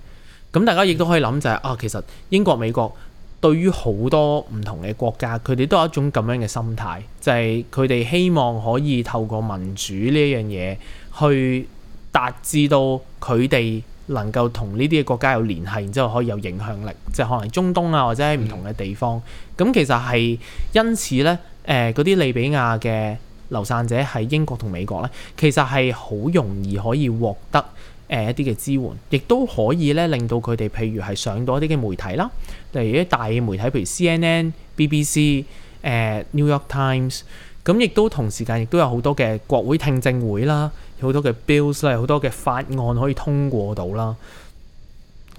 咁大家亦都可以諗就係啊，其實英國美國對於好多唔同嘅國家，佢哋都有一種咁樣嘅心態，就係佢哋希望可以透過民主呢樣嘢去達至到佢哋，能夠同呢啲嘅國家有聯繫，然之後可以有影響力，即係可能中東啊，或者喺唔同嘅地方。咁、嗯、其實係因此呢，誒嗰啲利比亞嘅流散者喺英國同美國呢，其實係好容易可以獲得誒、呃、一啲嘅支援，亦都可以呢令到佢哋譬如係上到一啲嘅媒體啦，例如啲大嘅媒體，譬如 C N N BBC、呃、B B C、誒 New York Times、嗯。咁亦都同時間亦都有好多嘅國會聽證會啦。好多嘅 bills 咧，好多嘅法案可以通過到啦。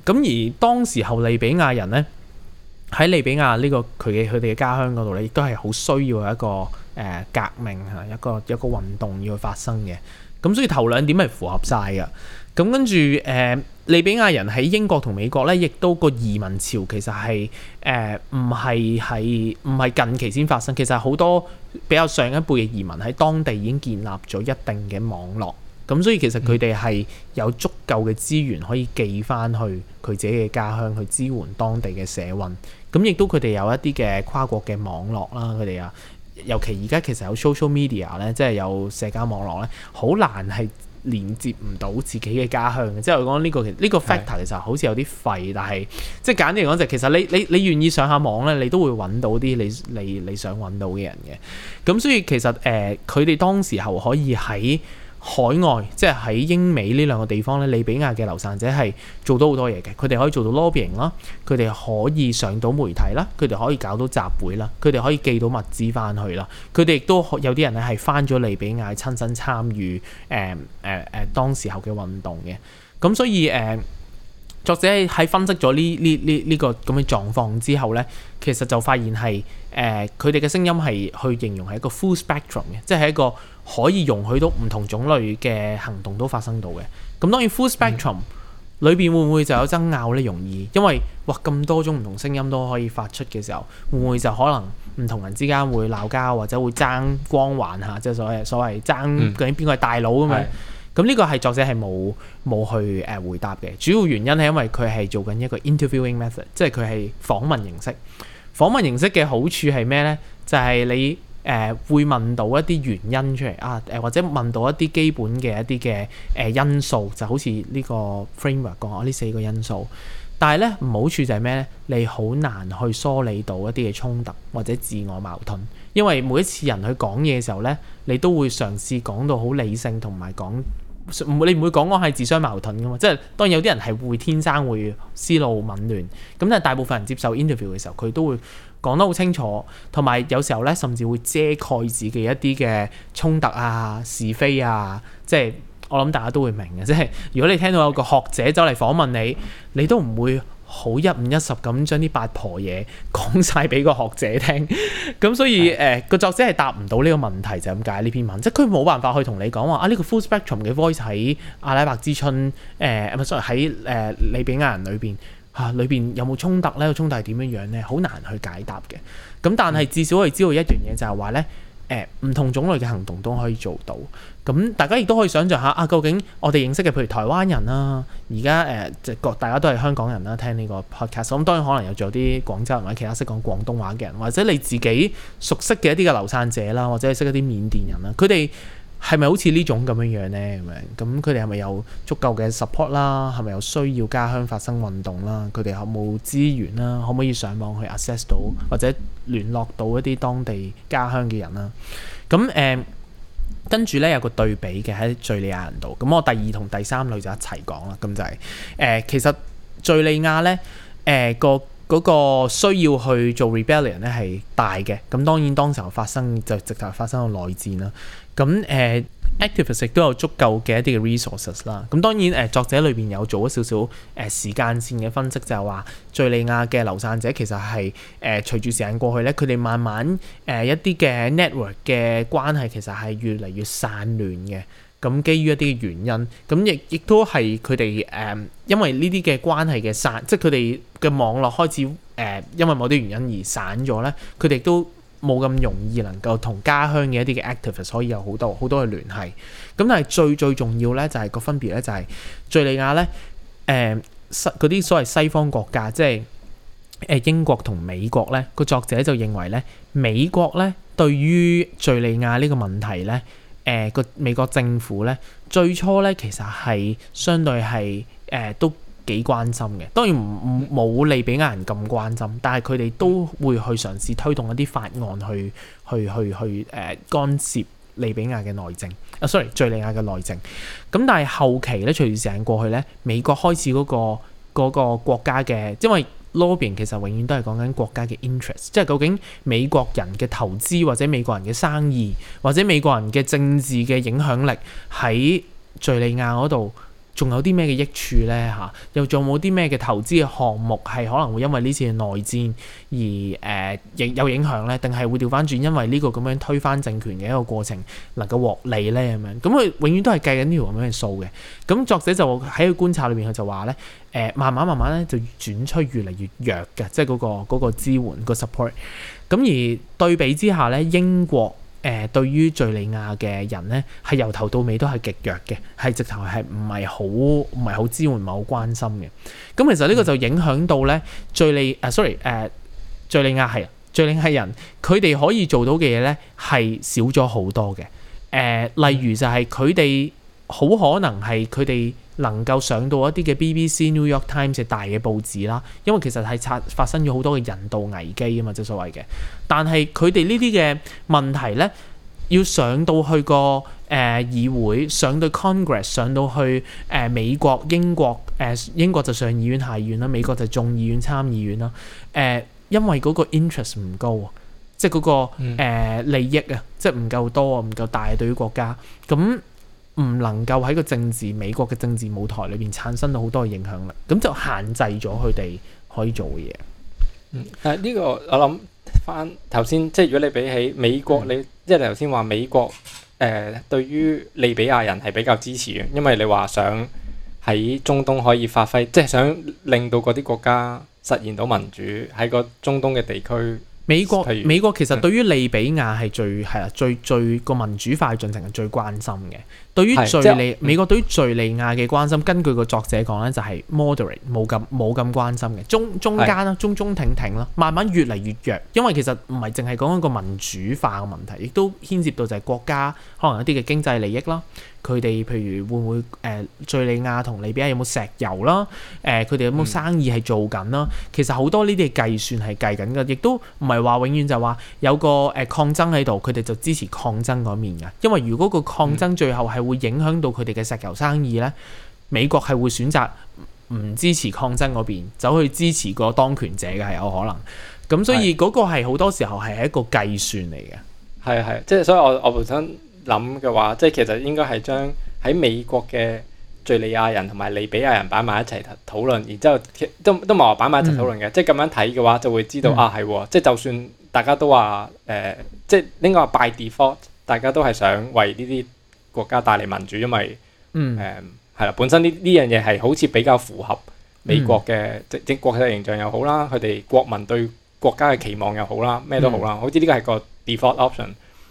咁而當時候利比亞人咧，喺利比亞呢、呢個佢嘅佢哋嘅家鄉嗰度咧，亦都係好需要一個誒、呃、革命吓，一個一個運動要去發生嘅。咁所以頭兩點係符合晒㗎。咁跟住，誒利比亞人喺英國同美國咧，亦都個移民潮其實係誒，唔係係唔係近期先發生，其實好多比較上一輩嘅移民喺當地已經建立咗一定嘅網絡，咁所以其實佢哋係有足夠嘅資源可以寄翻去佢自己嘅家鄉去支援當地嘅社運，咁亦都佢哋有一啲嘅跨國嘅網絡啦，佢哋啊，尤其而家其實有 social media 咧，即係有社交網絡咧，好難係。連接唔到自己嘅家鄉嘅，即係嚟講，呢個其實呢個 factor 其實好似有啲廢，是但係即係簡單嚟講就其實你你你願意上下網咧，你都會揾到啲你你你想揾到嘅人嘅，咁所以其實誒佢哋當時候可以喺。海外即係喺英美呢兩個地方咧，利比亞嘅流散者係做到好多嘢嘅。佢哋可以做到 lobbying 啦，佢哋可以上到媒體啦，佢哋可以搞到集會啦，佢哋可以寄到物資翻去啦。佢哋亦都有啲人咧係翻咗利比亞親身參與誒誒誒當時候嘅運動嘅。咁所以誒。呃作者喺分析咗呢呢呢呢個咁嘅狀況之後呢，其實就發現係誒佢哋嘅聲音係去形容係一個 full spectrum 嘅，即係一個可以容許到唔同種類嘅行動都發生到嘅。咁當然 full spectrum 裏邊、嗯、會唔會就有爭拗呢？容易，因為哇咁多種唔同聲音都可以發出嘅時候，會唔會就可能唔同人之間會鬧交或者會爭光環嚇？即係所謂所謂爭究竟邊個係大佬咁樣。嗯咁呢個係作者係冇冇去誒回答嘅主要原因係因為佢係做緊一個 interviewing method，即係佢係訪問形式。訪問形式嘅好處係咩呢？就係、是、你誒、呃、會問到一啲原因出嚟啊，誒或者問到一啲基本嘅一啲嘅誒因素，就好似呢個 framework 講呢四個因素。但係咧唔好處就係咩呢？你好難去梳理到一啲嘅衝突或者自我矛盾，因為每一次人去講嘢嘅時候呢，你都會嘗試講到好理性同埋講。唔會，你唔會講我係自相矛盾噶嘛？即係當然有啲人係會天生會思路紊亂，咁但係大部分人接受 interview 嘅時候，佢都會講得好清楚，同埋有，有時候咧，甚至會遮蓋自己一啲嘅衝突啊、是非啊，即係我諗大家都會明嘅。即係如果你聽到有個學者走嚟訪問你，你都唔會，好一五一十咁將啲八婆嘢講晒俾個學者聽，咁 所以誒個的作者係答唔到呢個問題，就咁解呢篇文，即係佢冇辦法去同你講話啊呢、這個 full spectrum 嘅 voice 喺阿拉伯之春誒係、呃、sorry 喺誒、呃、利比亞人裏邊吓裏邊有冇衝突呢？個衝突係點樣樣呢？好難去解答嘅。咁但係至少我哋知道一樣嘢就係話呢，誒、呃、唔同種類嘅行動都可以做到。咁大家亦都可以想像下啊，究竟我哋認識嘅，譬如台灣人啦、啊，而家誒即各大家都係香港人啦、啊，聽呢個 podcast，咁當然可能有仲有啲廣州人或者其他識講廣東話嘅人，或者你自己熟悉嘅一啲嘅流散者啦，或者係識一啲緬甸人啦，佢哋係咪好似呢種咁樣樣呢？咁樣咁佢哋係咪有足夠嘅 support 啦？係咪有需要家鄉發生運動啦、啊？佢哋有冇資源啦、啊？可唔可以上網去 access 到或者聯絡到一啲當地家鄉嘅人啦、啊？咁誒、呃跟住咧有個對比嘅喺敘利亞人度，咁我第二同第三類就一齊講啦，咁就係、是、誒、呃、其實敘利亞咧誒個嗰、那個、需要去做 rebellion 咧係大嘅，咁當然當時候發生就直頭發生咗內戰啦，咁誒。呃 Activist 都有足夠嘅一啲嘅 resources 啦。咁當然誒、呃，作者裏邊有做咗少少誒、呃、時間線嘅分析就，就係話敍利亞嘅流散者其實係誒、呃、隨住時間過去咧，佢哋慢慢誒、呃、一啲嘅 network 嘅關係其實係越嚟越散亂嘅。咁基於一啲嘅原因，咁亦亦都係佢哋誒，因為呢啲嘅關係嘅散，即係佢哋嘅網絡開始誒、呃，因為某啲原因而散咗咧，佢哋都。冇咁容易能夠同家鄉嘅一啲嘅 activist，可以有好多好多嘅聯繫。咁但係最最重要咧、就係，就係個分別咧，就係敍利亞咧，誒嗰啲所謂西方國家，即係誒英國同美國咧。個作者就認為咧，美國咧對於敍利亞呢個問題咧，誒、呃、個美國政府咧最初咧其實係相對係誒、呃、都幾關心嘅，當然唔冇利比亞人咁關心，但係佢哋都會去嘗試推動一啲法案去去去去誒、uh，干涉利比亞嘅內政。啊，sorry，敍利亞嘅內政。咁但係後期咧，隨住時間過去咧，美國開始嗰個嗰個國家嘅，因為 lobbying 其實永遠都係講緊國家嘅 interest，即係究竟美國人嘅投資或者美國人嘅生意或者美國人嘅政治嘅影響力喺敍利亞嗰度。仲有啲咩嘅益處呢？嚇？又仲冇啲咩嘅投資嘅項目係可能會因為呢次內戰而誒、呃、有影響呢？定係會調翻轉因為呢個咁樣推翻政權嘅一個過程能夠獲利呢？咁樣？咁佢永遠都係計緊呢條咁嘅數嘅。咁作者就喺佢觀察裏面佢就話呢：呃「誒，慢慢慢慢咧就轉出越嚟越弱嘅，即係嗰個支援、嗰個 support。咁而對比之下呢，英國。誒、呃、對於敍利亞嘅人咧，係由頭到尾都係極弱嘅，係直頭係唔係好唔係好支援唔係好關心嘅。咁、嗯、其實呢個就影響到咧敍利啊，sorry 誒，敍、呃、利亞係敍利係人，佢哋可以做到嘅嘢咧係少咗好多嘅。誒、呃、例如就係佢哋好可能係佢哋。能夠上到一啲嘅 BBC、New York Times 嘅大嘅報紙啦，因為其實係拆發生咗好多嘅人道危機啊嘛，即、就是、所謂嘅。但係佢哋呢啲嘅問題呢，要上到去個誒、呃、議會，上到去 Congress，上到去誒、呃、美國、英國誒、呃、英國就上議院、下議院啦，美國就眾議院、參議院啦。誒、呃，因為嗰個 interest 唔高，啊、那個嗯呃，即係嗰個利益啊，即係唔夠多、啊，唔夠大對於國家咁。.唔能夠喺個政治美國嘅政治舞台裏邊產生到好多嘅影響力，咁就限制咗佢哋可以做嘅嘢。嗯、啊，誒、這、呢個我諗翻頭先，即係如果你比起美國，嗯、你即係頭先話美國誒、呃、對於利比亞人係比較支持嘅，因為你話想喺中東可以發揮，即係想令到嗰啲國家實現到民主喺個中東嘅地區。美國美國其實對於利比亞係最係啦，最最，最個民主化進程係最關心嘅。對於敍利，係啊，美國對於敍利亞嘅關心，根據個作者講咧，就係 moderate 冇咁冇咁關心嘅，中中間啦，係啊，中中挺挺啦，慢慢越嚟越弱。因為其實唔係淨係講一個民主化嘅問題，亦都牽涉到就係國家可能一啲嘅經濟利益啦。佢哋譬如會唔會誒、呃、敍利亞同利比亞有冇石油啦？誒佢哋有冇生意係做緊啦？嗯、其實好多呢啲計算係計緊嘅，亦都唔係話永遠就話有個誒、呃、抗爭喺度，佢哋就支持抗爭嗰面嘅。因為如果個抗爭最後係會影響到佢哋嘅石油生意咧，嗯、美國係會選擇唔支持抗爭嗰邊，走去支持個當權者嘅係有可能。咁所以嗰個係好多時候係一個計算嚟嘅。係啊係，即係所以我我本身，諗嘅話，即係其實應該係將喺美國嘅敍利亞人同埋利比亞人擺埋一齊討論，然之後都都唔係話擺埋一齊討論嘅，嗯、即係咁樣睇嘅話，就會知道、嗯、啊係，即係就算大家都話誒、呃，即係應該話 by default 大家都係想為呢啲國家帶嚟民主，因為誒係啦，本身呢呢樣嘢係好似比較符合美國嘅、嗯、即係國際形象又好啦，佢哋國民對國家嘅期望又好啦，咩都好啦，嗯、好似呢個係個 default option。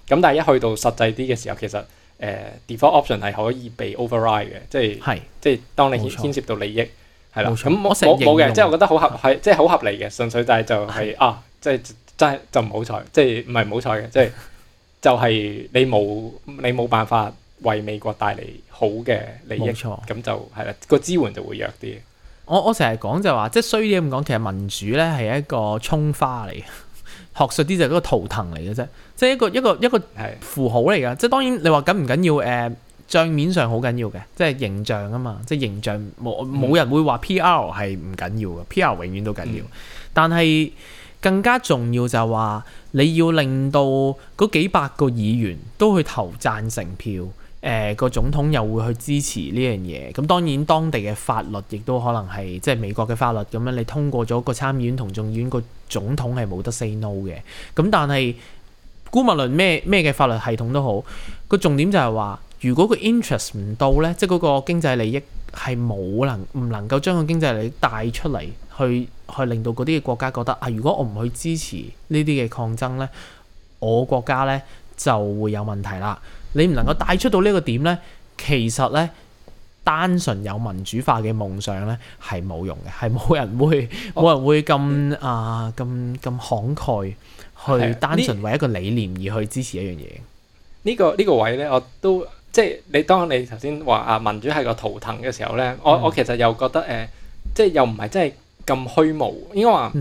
咁但係一去到實際啲嘅時候，其實誒 default option 係可以被 override 嘅，是即係即係當你牽涉到利益係啦。咁冇冇冇嘅，即係我覺得好合係，即係好合理嘅，純粹的就係就係啊，即係真係就唔好彩，即係唔係唔好彩嘅，即係就係你冇你冇辦法為美國帶嚟好嘅利益，咁錯就係啦，個支援就會弱啲。我我成日講就話、是，即係衰啲咁講，其實民主咧係一個蔥花嚟。學術啲就係嗰個圖騰嚟嘅啫，即係一個一個一個,一個符號嚟噶。即係的當然你話緊唔緊要誒、呃？帳面上好緊要嘅，即係形象啊嘛。即係形象冇冇人會話 PR 係唔緊要嘅、嗯、，PR 永遠都緊要。嗯、但係更加重要就係話你要令到嗰幾百個議員都去投贊成票。誒個、呃、總統又會去支持呢樣嘢，咁當然當地嘅法律亦都可能係即係美國嘅法律咁樣，你通過咗個參議院同眾議院個總統係冇得 say no 嘅。咁但係，姑勿論咩咩嘅法律系統都好，個重點就係話，如果佢 interest 唔到呢，即係嗰個經濟利益係冇能唔能夠將個經濟利益帶出嚟，去去令到嗰啲國家覺得啊，如果我唔去支持呢啲嘅抗爭呢，我國家呢就會有問題啦。你唔能夠帶出到呢一個點呢，其實呢，單純有民主化嘅夢想呢，係冇用嘅，係冇人會冇我人會咁啊，咁咁、嗯呃、慷慨去單純為一個理念而去支持一樣嘢。呢、呢個呢、呢個位呢，我都即係你，當你頭先話啊民主係個圖騰嘅時候呢，我、嗯、我其實又覺得誒、呃，即係又唔係真係咁虛無，應該話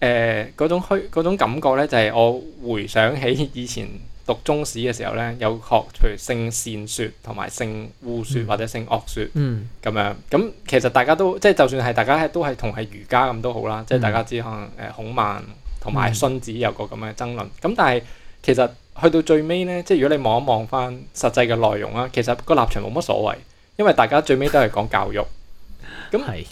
誒嗰種虛嗰種感覺呢，就係我回想起以前。讀中史嘅時候咧，有學除性善說同埋性污說或者性惡說，咁、嗯、樣咁、嗯嗯嗯、其實大家都即係就算係大家都係同係儒家咁都好啦，即係大家知可能誒孔孟同埋荀子有個咁嘅爭論，咁、嗯、但係其實去到最尾咧，即係如果你望一望翻實際嘅內容啦，其實個立場冇乜所謂，因為大家最尾都係講教育，咁係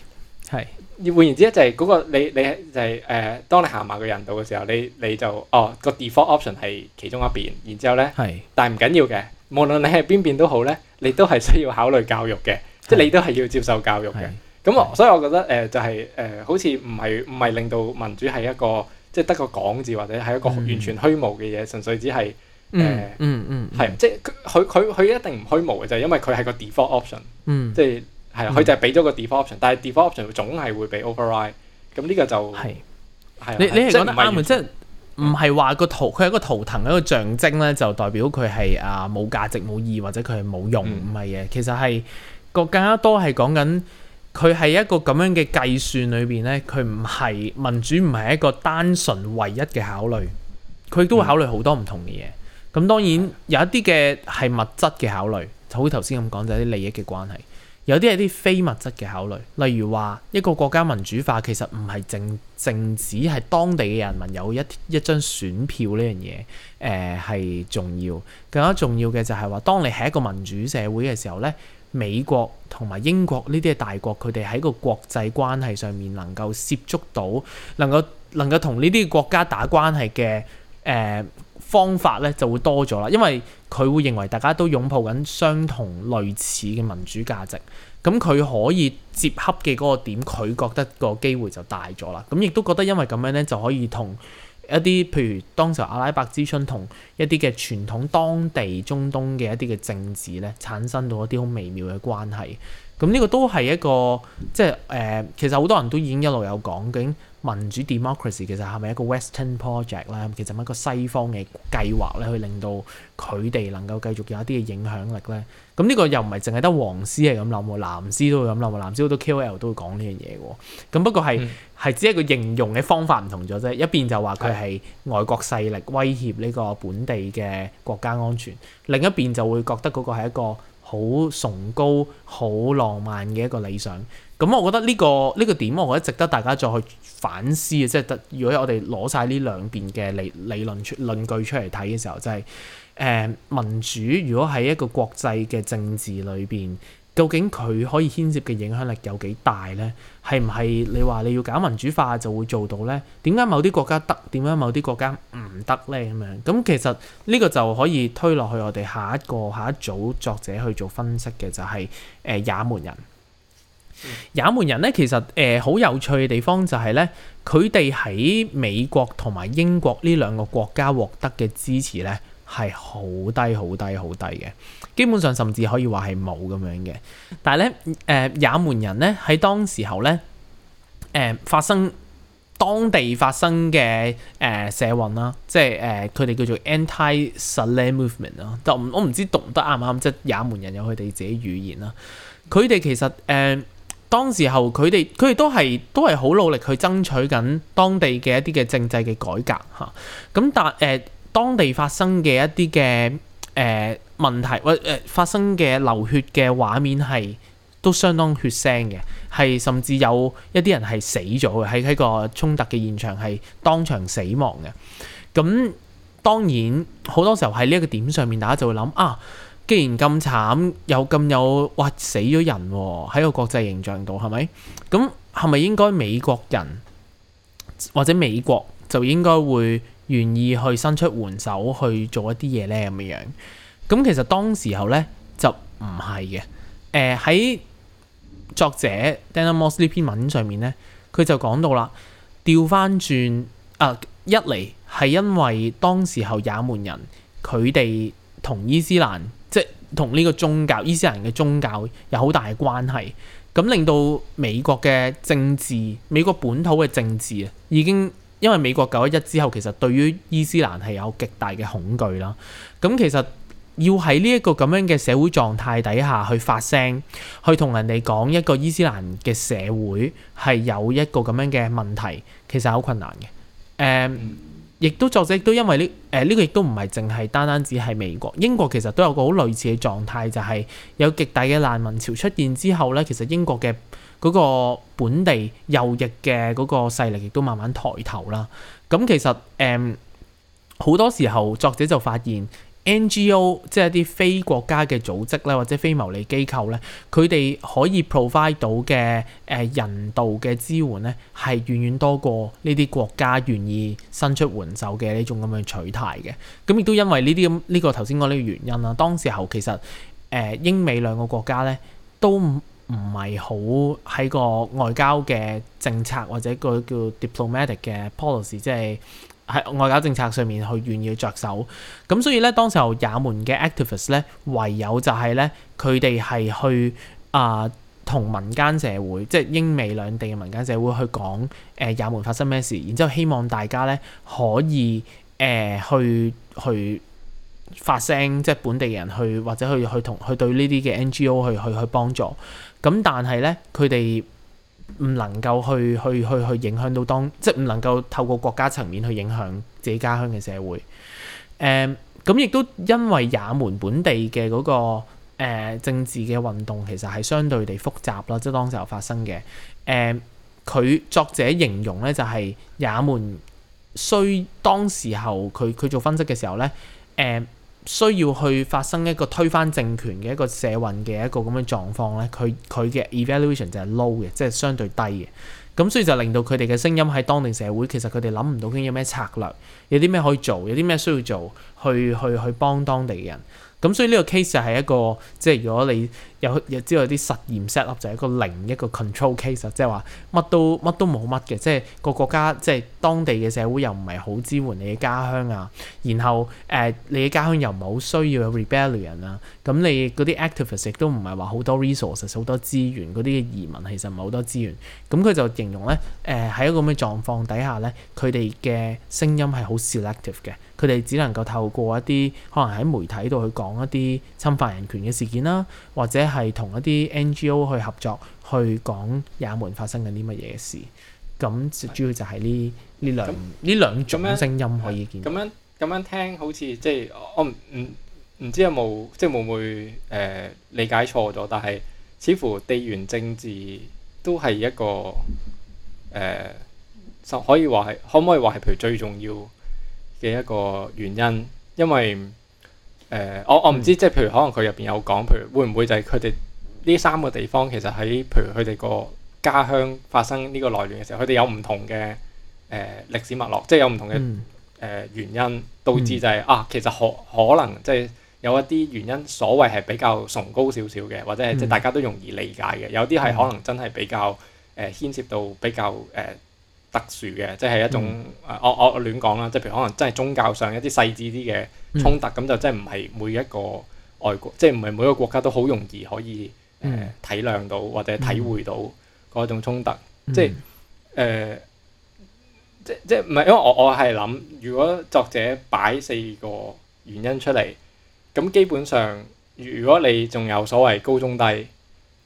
係。那換言之，就係、是、嗰、那個你你就係、是、誒、呃，當你行埋個人道嘅時候，你你就哦個 default option 係其中一邊，然之後咧，是但係唔緊要嘅，無論你係邊邊都好咧，你都係需要考慮教育嘅，是即係你都係要接受教育嘅。咁啊是，所以我覺得誒、呃、就係、是、誒、呃，好似唔係唔係令到民主係一個即係得個講字或者係一個完全虛無嘅嘢，嗯、純粹只係誒嗯嗯，係、嗯嗯、即係佢佢佢一定唔虛無嘅，就係因為佢係個 default option，即係。係啊，佢就係俾咗個 default option，但係 default option 總係會俾 override。咁呢個就係係是的你的你係講得啱，即係唔係話個圖佢係、嗯、一個圖騰一個象徵咧，就代表佢係啊冇價值冇意或者佢係冇用，唔係嘅。其實係個更加多係講緊佢係一個咁樣嘅計算裏邊咧，佢唔係民主唔係一個單純唯一嘅考慮，佢都會考慮好多唔同嘅嘢。咁、嗯、當然有一啲嘅係物質嘅考慮，就好似頭先咁講就係、是、啲利益嘅關係。有啲係啲非物質嘅考慮，例如話一個國家民主化其實唔係淨淨止係當地嘅人民有一一張選票呢樣嘢，誒、呃、係重要。更加重要嘅就係話，當你係一個民主社會嘅時候呢，美國同埋英國呢啲大國，佢哋喺個國際關係上面能夠涉足到，能夠能夠同呢啲國家打關係嘅，誒、呃。方法咧就會多咗啦，因為佢會認為大家都擁抱緊相同類似嘅民主價值，咁佢可以接洽嘅嗰個點，佢覺得個機會就大咗啦。咁亦都覺得因為咁樣咧，就可以同一啲譬如當時候阿拉伯之春同一啲嘅傳統當地中東嘅一啲嘅政治咧，產生到一啲好微妙嘅關係。咁呢個都係一個即係誒，其實好多人都已經一路有講緊。究竟民主 democracy 其實係咪一個 Western project 咧？其實咪一個西方嘅計劃咧，去令到佢哋能夠繼續有一啲嘅影響力咧。咁呢個又唔係淨係得黃絲係咁諗喎，藍絲都會咁諗喎，藍絲好多 KOL 都會講呢樣嘢喎。咁不過係係、嗯、只係個形容嘅方法唔同咗啫。一邊就話佢係外國勢力威脅呢個本地嘅國家安全，的另一邊就會覺得嗰個係一個好崇高、好浪漫嘅一個理想。咁我覺得呢、呢個呢、呢個點，我覺得值得大家再去。反思，即係得。如果我哋攞晒呢兩邊嘅理理論，論出論據出嚟睇嘅時候，就係、是、誒、呃、民主。如果喺一個國際嘅政治裏邊，究竟佢可以牽涉嘅影響力有幾大呢？係唔係你話你要搞民主化就會做到呢？點解某啲國家得，點解某啲國家唔得呢？咁樣。咁其實呢個就可以推落去我哋下一個下一組作者去做分析嘅、就是，就係誒也門人。也門人咧，其實誒好、呃、有趣嘅地方就係咧，佢哋喺美國同埋英國呢兩個國家獲得嘅支持咧，係好低、好低、好低嘅，基本上甚至可以話係冇咁樣嘅。但係咧，誒、呃、也門人咧喺當時候咧，誒、呃、發生當地發生嘅誒、呃、社運啦、啊，即係誒佢哋叫做 anti-Saleh movement 咯，就我唔知讀得啱唔啱，即係也門人有佢哋自己語言啦，佢哋其實誒。呃當時候佢哋佢哋都係都係好努力去爭取緊當地嘅一啲嘅政制嘅改革吓，咁但誒、呃、當地發生嘅一啲嘅誒問題，或誒、呃、發生嘅流血嘅畫面係都相當血腥嘅，係甚至有一啲人係死咗嘅，喺喺個衝突嘅現場係當場死亡嘅。咁當然好多時候喺呢一個點上面大家就會諗啊。既然咁慘，又咁有，哇死咗人喎、喔，喺個國際形象度係咪？咁係咪應該美國人或者美國就應該會願意去伸出援手去做一啲嘢呢？咁嘅樣，咁其實當時候呢，就唔係嘅。誒、呃、喺作者 Dana Moss 呢篇文上面呢，佢就講到啦，調翻轉啊，一嚟係因為當時候也門人佢哋同伊斯蘭。同呢個宗教伊斯蘭嘅宗教有好大嘅關係，咁令到美國嘅政治、美國本土嘅政治啊，已經因為美國九一一之後，其實對於伊斯蘭係有極大嘅恐懼啦。咁其實要喺呢一個咁樣嘅社會狀態底下去發聲，去同人哋講一個伊斯蘭嘅社會係有一個咁樣嘅問題，其實係好困難嘅。誒，uh。亦都作者亦都因為呢誒，呢、呃呢個亦都唔係淨係單單只係美國，英國其實都有個好類似嘅狀態，就係、是、有極大嘅難民潮出現之後咧，其實英國嘅嗰個本地右翼嘅嗰個勢力亦都慢慢抬頭啦。咁、嗯、其實誒好、嗯、多時候作者就發現。NGO 即係啲非國家嘅組織咧，或者非牟利機構咧，佢哋可以 provide 到嘅誒人道嘅支援咧，係遠遠多過呢啲國家願意伸出援手嘅呢種咁嘅取態嘅。咁亦都因為呢啲咁呢個頭先講呢個原因啦，當時候其實誒英美兩個國家咧都唔係好喺個外交嘅政策或者個叫 diplomatic 嘅 policy，即係。喺外交政策上面去願意着手，咁所以咧，當時候也門嘅 activists 咧，唯有就係咧，佢哋係去啊、呃，同民間社會，即係英美兩地嘅民間社會去講，誒、呃、也門發生咩事，然之後希望大家咧可以誒、呃、去去、去發聲，即係本地人去或者去去同去對呢啲嘅 NGO 去去去幫助，咁但係咧佢哋。唔能夠去去去去影響到當，即係唔能夠透過國家層面去影響自己家鄉嘅社會。誒、嗯，咁亦都因為也門本地嘅嗰、那個、呃、政治嘅運動其實係相對地複雜啦，即、就、係、是、當時候發生嘅。誒、嗯，佢作者形容咧就係、是、也門需當時候佢佢做分析嘅時候咧，誒、嗯。需要去發生一個推翻政權嘅一個社運嘅一個咁嘅狀況咧，佢佢嘅 evaluation 就係 low 嘅，即係相對低嘅。咁所以就令到佢哋嘅聲音喺當地社會，其實佢哋諗唔到究竟有咩策略，有啲咩可以做，有啲咩需要做，去去去幫當地嘅人。咁所以呢個 case 就係一個，即係如果你。又又知道啲實驗 set up 就係一個零一個 control case，即係話乜都乜都冇乜嘅，即係個國家即係當地嘅社會又唔係好支援你嘅家鄉啊，然後誒、呃、你嘅家鄉又唔係好需要有 rebellion 啊。咁你嗰啲 activist 亦都唔係話好多 resource 好多資源，嗰啲移民其實唔係好多資源，咁佢就形容咧誒喺一個咁嘅狀況底下咧，佢哋嘅聲音係好 selective 嘅，佢哋只能夠透過一啲可能喺媒體度去講一啲侵犯人權嘅事件啦，或者～係同一啲 NGO 去合作，去講也門發生緊啲乜嘢事，咁主要就係呢呢兩呢、嗯、兩種聲音可以見到咁、嗯嗯、樣咁樣聽，好似即係我唔唔唔知有冇即係會唔會誒理解錯咗，但係似乎地緣政治都係一個誒、呃，可以可，可以話係可唔可以話係譬如最重要嘅一個原因，因為。誒、呃，我我唔知，即係譬如可能佢入邊有講，譬如會唔會就係佢哋呢三個地方其實喺譬如佢哋個家鄉發生呢個內亂嘅時候，佢哋有唔同嘅誒、呃、歷史脈絡，即係有唔同嘅誒、呃、原因導致就係、是嗯、啊，其實可可能即係有一啲原因，所謂係比較崇高少少嘅，或者係即係大家都容易理解嘅，嗯、有啲係可能真係比較誒、呃、牽涉到比較誒、呃特殊嘅，即係一種，嗯、我我亂講啦，即係譬如可能真係宗教上一啲細緻啲嘅衝突，咁、嗯、就真係唔係每一個外國，即係唔係每一個國家都好容易可以誒、呃嗯、體諒到或者體會到嗰種衝突，嗯、即係誒、呃，即即係唔係因為我我係諗，如果作者擺四個原因出嚟，咁基本上，如果你仲有所謂高中低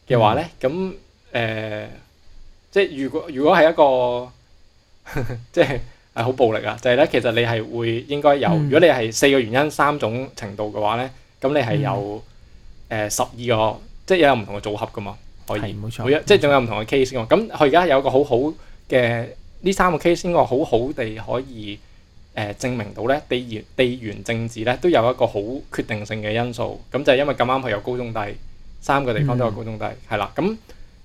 嘅話咧，咁誒、嗯呃，即係如果如果係一個。即係誒好暴力啊！就係咧，其實你係會應該有，嗯、如果你係四個原因、三種程度嘅話咧，咁、嗯、你係有誒十二個，即係有唔同嘅組合噶嘛，可以。冇錯。每即係仲有唔同嘅 case 㗎，咁佢而家有個好個個好嘅呢三個 case 應該好好地可以誒、呃、證明到咧地緣、地緣政治咧都有一個好決定性嘅因素。咁就係因為咁啱佢有高中低，三個地方都有高中低，係啦、嗯。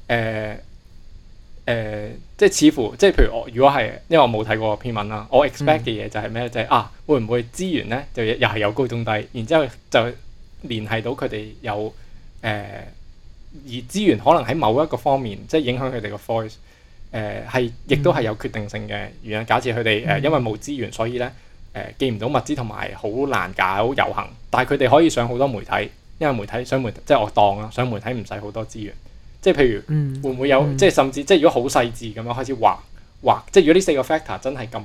咁誒。誒、呃，即係似乎，即係譬如我，如果係，因為我冇睇過篇文啦，我 expect 嘅嘢就係咩？嗯、就係、係、啊，會唔會資源咧就又係有高中低？然之後就聯繫到佢哋有誒、呃，而資源可能喺某一個方面，即係影響佢哋嘅 voice。誒、呃、係，亦都係有決定性嘅原因。假設佢哋誒因為冇資源，所以咧誒寄唔到物資同埋好難搞遊行，但係佢哋可以上好多媒體，因為媒體上媒體即係我當啊，上媒體唔使好多資源。即係譬如、嗯、會唔會有，嗯、即係甚至即係如果好細緻咁樣開始畫畫，即係如果呢四個 factor 真係咁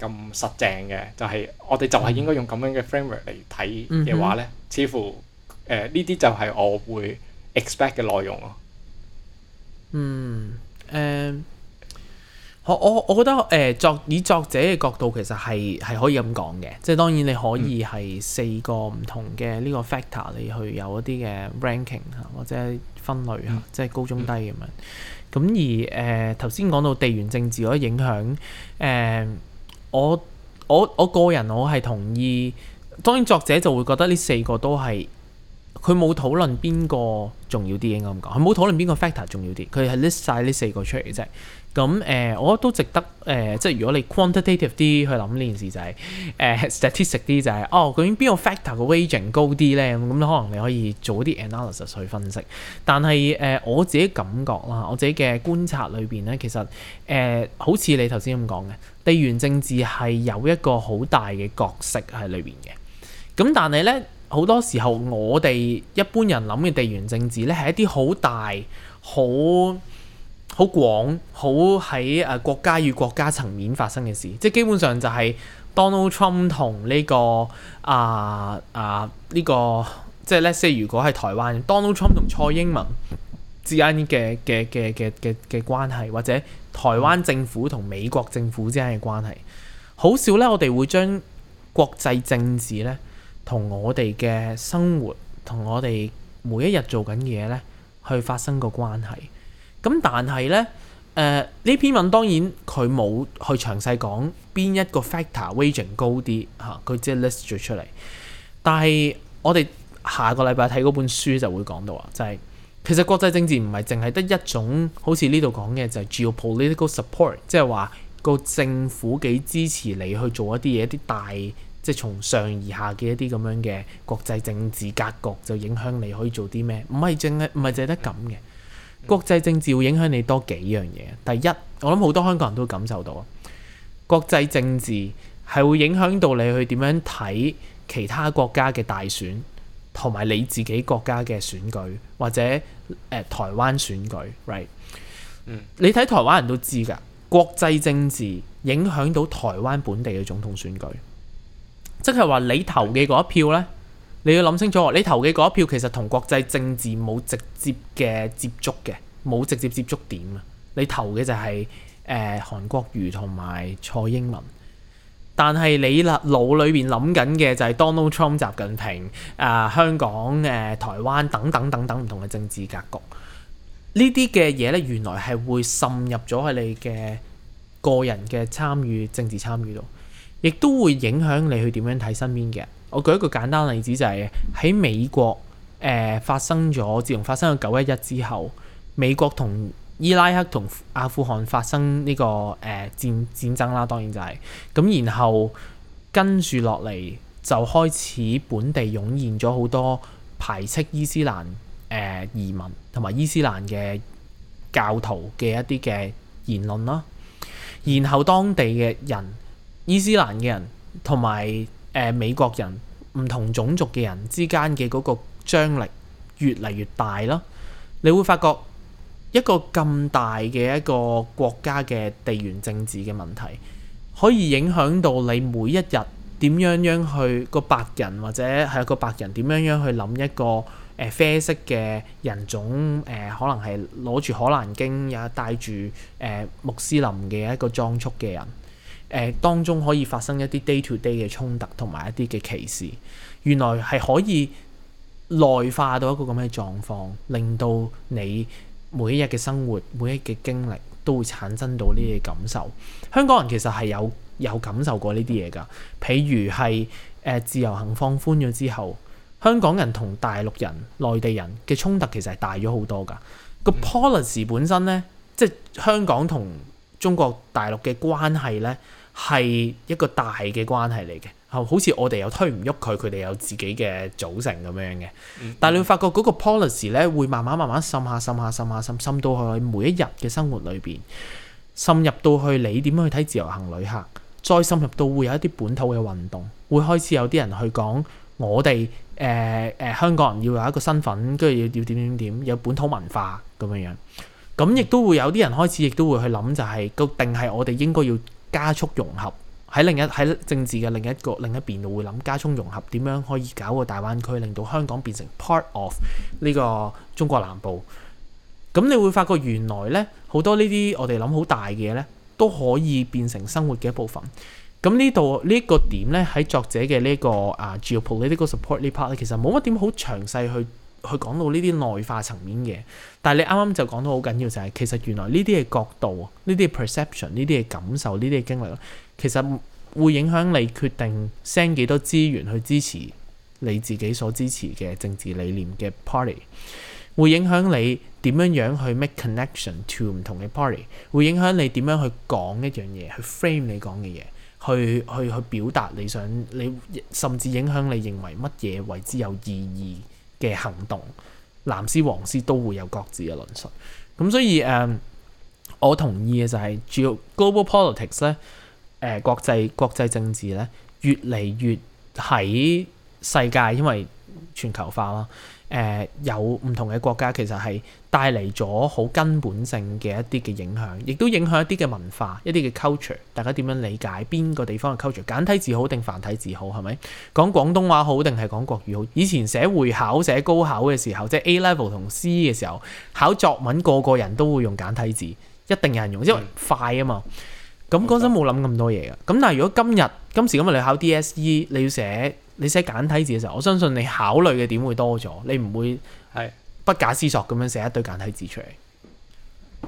咁實淨嘅，就係、是、我哋就係應該用咁樣嘅 framework 嚟睇嘅話咧，嗯、哼似乎誒呢啲就係我會 expect 嘅內容咯、啊。嗯誒、呃，我我我覺得誒、呃、作以作者嘅角度其實係係可以咁講嘅，即係當然你可以係四個唔同嘅呢個 factor 你去有一啲嘅 ranking 啊，或者。分類啊，即係高中低咁樣。咁而誒頭先講到地緣政治嗰啲影響，誒、呃、我我我個人我係同意。當然作者就會覺得呢四個都係。佢冇討論邊個重要啲應該咁講，佢冇討論邊個 factor 重要啲，佢係 list 晒呢四個出嚟嘅啫。咁誒、呃，我覺得都值得誒、呃，即係如果你 quantitative 啲去諗呢件事、呃、就係誒 statistic 啲就係哦，究竟邊個 factor 嘅 weighting 高啲咧？咁、嗯、可能你可以做啲 analysis 去分析。但係誒、呃，我自己感覺啦，我自己嘅觀察裏邊咧，其實誒、呃、好似你頭先咁講嘅地緣政治係有一個好大嘅角色喺裏邊嘅。咁但係咧。好多時候，我哋一般人諗嘅地緣政治咧，係一啲好大、好好廣、好喺誒國家與國家層面發生嘅事，即係基本上就係 Donald Trump 同呢個啊啊呢個即係咧如果係台灣，Donald Trump 同蔡英文之間嘅嘅嘅嘅嘅嘅關係，或者台灣政府同美國政府之間嘅關係，好少咧，我哋會將國際政治咧。同我哋嘅生活，同我哋每一日做緊嘢呢，去發生個關係。咁但係咧，誒、呃、呢篇文當然佢冇去詳細講邊一個 factor wage 高啲吓，佢只係 list 咗出嚟。但係我哋下個禮拜睇嗰本書就會講到啊，就係、是、其實國際政治唔係淨係得一種好似呢度講嘅就係 geopolitical support，即係話個政府幾支持你去做一啲嘢，一啲大。即係從上而下嘅一啲咁樣嘅國際政治格局，就影響你可以做啲咩？唔係淨係唔係淨係得咁嘅。國際政治會影響你多幾樣嘢。第一，我諗好多香港人都會感受到，國際政治係會影響到你去點樣睇其他國家嘅大選，同埋你自己國家嘅選舉，或者誒，呃，台灣選舉，right？嗯，你睇台灣人都知㗎，國際政治影響到台灣本地嘅總統選舉。即係話你投嘅嗰一票呢，你要諗清楚，你投嘅嗰一票其實同國際政治冇直接嘅接觸嘅，冇直接接觸點啊！你投嘅就係、是、誒、呃、韓國瑜同埋蔡英文，但係你啦腦裏邊諗緊嘅就係 Donald Trump、習近平啊、呃、香港、誒、呃、台灣等等等等唔同嘅政治格局。呢啲嘅嘢呢，原來係會滲入咗喺你嘅個人嘅參與政治參與度。亦都會影響你去點樣睇身邊嘅。我舉一個簡單例子，就係喺美國，誒、呃、發生咗自從發生咗九一一之後，美國同伊拉克同阿富汗發生呢、這個誒、呃、戰戰爭啦，當然就係、是、咁。然後跟住落嚟就開始本地湧現咗好多排斥伊斯蘭誒、呃、移民同埋伊斯蘭嘅教徒嘅一啲嘅言論啦。然後當地嘅人。伊斯蘭嘅人同埋誒美國人唔同種族嘅人之間嘅嗰個張力越嚟越大啦，你會發覺一個咁大嘅一個國家嘅地緣政治嘅問題，可以影響到你每一日點樣樣去個白人或者係一個白人點樣樣去諗一個啡色嘅人種誒、呃，可能係攞住可蘭經也帶住誒、呃、穆斯林嘅一個裝束嘅人。誒當中可以發生一啲 day to day 嘅衝突同埋一啲嘅歧視，原來係可以內化到一個咁嘅狀況，令到你每一日嘅生活、每一日嘅經歷都會產生到呢啲感受。香港人其實係有有感受過呢啲嘢㗎，譬如係、呃、自由行放寬咗之後，香港人同大陸人、內地人嘅衝突其實係大咗好多㗎。個 policy、嗯、本身呢，即係香港同中國大陸嘅關係呢。係一個大嘅關係嚟嘅，好似我哋又推唔喐佢，佢哋有自己嘅組成咁樣嘅。但係你會發覺嗰個 policy 咧，會慢慢慢慢滲下滲下滲下滲，滲到去每一日嘅生活裏邊，滲入到去你點樣去睇自由行旅客，再滲入到會有一啲本土嘅運動，會開始有啲人去講我哋誒誒香港人要有一個身份，跟住要要點點點有本土文化咁樣樣。咁亦都會有啲、嗯、人開始，亦都會去諗就係定係我哋應該要。加速融合，喺另一喺政治嘅另一個另一邊，會諗加速融合點樣可以搞個大灣區，令到香港變成 part of 呢個中國南部。咁你會發覺原來咧好多呢啲我哋諗好大嘅嘢咧，都可以變成生活嘅一部分。咁呢度呢一個點咧，喺作者嘅呢、呢個啊、uh, geopolitical support 呢 part 咧，其實冇乜點好詳細去。去講到呢啲內化層面嘅，但係你啱啱就講到好緊要，就係其實原來呢啲嘅角度、呢啲嘅 perception、呢啲嘅感受、呢啲嘅經歷，其實會影響你決定 send 幾多資源去支持你自己所支持嘅政治理念嘅 party，會影響你點樣樣去 make connection to 唔同嘅 party，會影響你點樣去講一樣嘢，去 frame 你講嘅嘢，去去去表達你想，你甚至影響你認為乜嘢為之有意義。嘅行動，藍絲黃絲都會有各自嘅論述，咁所以誒、嗯，我同意嘅就係、是、主要 global politics 咧、呃，誒國際國際政治咧越嚟越喺世界，因為全球化啦。誒、呃、有唔同嘅國家，其實係帶嚟咗好根本性嘅一啲嘅影響，亦都影響一啲嘅文化、一啲嘅 culture。大家點樣理解邊個地方嘅 culture？簡體字好定繁體字好？係咪講廣東話好定係講國語好？以前寫會考、寫高考嘅時候，即係 A level 同 C 嘅時候，考作文個個人都會用簡體字，一定有人用，因為快啊嘛。咁嗰陣冇諗咁多嘢嘅。咁但係如果今日今時今日你考 DSE，你要寫。你寫簡體字嘅時候，我相信你考慮嘅點會多咗，你唔會係不假思索咁樣寫一堆簡體字出嚟。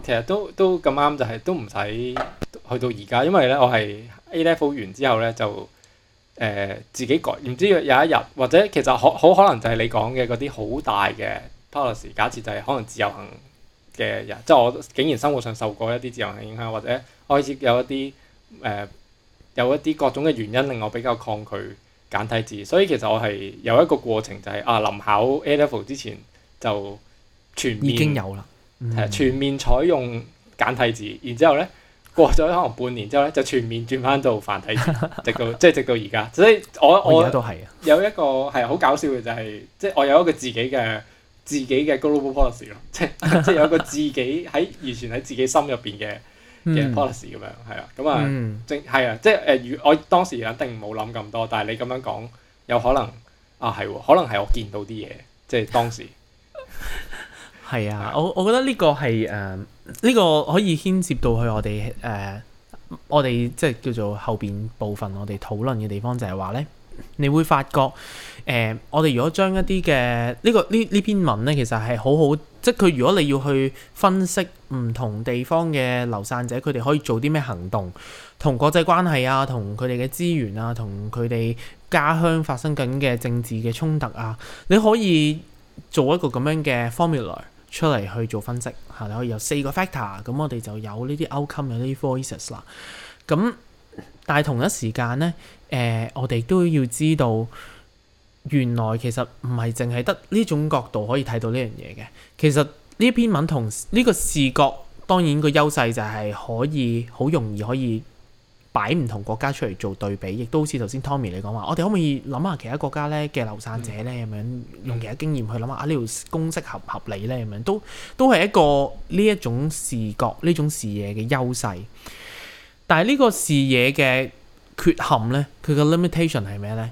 其實都都咁啱，就係都唔使去到而家，因為咧我係 A Level 完之後咧就誒、呃、自己改。唔知有一日或者其實好好可能就係你講嘅嗰啲好大嘅 policy，假設就係可能自由行嘅人，即、就、係、是、我竟然生活上受過一啲自由行影響，或者開始有一啲誒、呃、有一啲各種嘅原因令我比較抗拒。簡體字，所以其實我係有一個過程、就是，就係啊，臨考 A-level 之前就全面已經有啦，係、嗯、全面採用簡體字，然之後咧過咗可能半年之後咧就全面轉翻做繁體字， 直到即係直到而家，所以我我而家都係啊，有一個係好搞笑嘅就係、是、即係我有一個自己嘅自己嘅 global policy 咯， 即即係有一個自己喺完全喺自己心入邊嘅。嘅的 policy 咁、嗯、樣，係啊，咁啊，即係啊，即係誒，如我當時肯定冇諗咁多，但係你咁樣講，有可能啊，係喎，可能係我見到啲嘢，即係當時。係啊，我我覺得呢個係誒，呢、呃呢個可以牽涉到去我哋誒、呃，我哋即係叫做後邊部分我哋討論嘅地方就，就係話咧。你會發覺，誒、呃，我哋如果將一啲嘅呢個呢呢篇文咧，其實係好好，即係佢如果你要去分析唔同地方嘅流散者，佢哋可以做啲咩行動，同國際關係啊，同佢哋嘅資源啊，同佢哋家鄉發生緊嘅政治嘅衝突啊，你可以做一個咁樣嘅 formula 出嚟去做分析，係你可以有四個 factor，咁我哋就有呢啲 outcome 有呢啲 voices 啦，咁、啊、但係同一時間呢。誒、呃，我哋都要知道，原來其實唔係淨係得呢種角度可以睇到呢樣嘢嘅。其實呢篇文同呢個視角，當然個優勢就係可以好容易可以擺唔同國家出嚟做對比，亦都好似頭先 Tommy 你講話，我哋可唔可以諗下其他國家咧嘅流散者咧，咁樣、嗯、用其他經驗去諗下啊呢條、這個、公式合唔合理咧？咁樣都都係一個呢一種視角、呢種視野嘅優勢。但係呢個視野嘅。缺陷咧，佢嘅 limitation 係咩咧？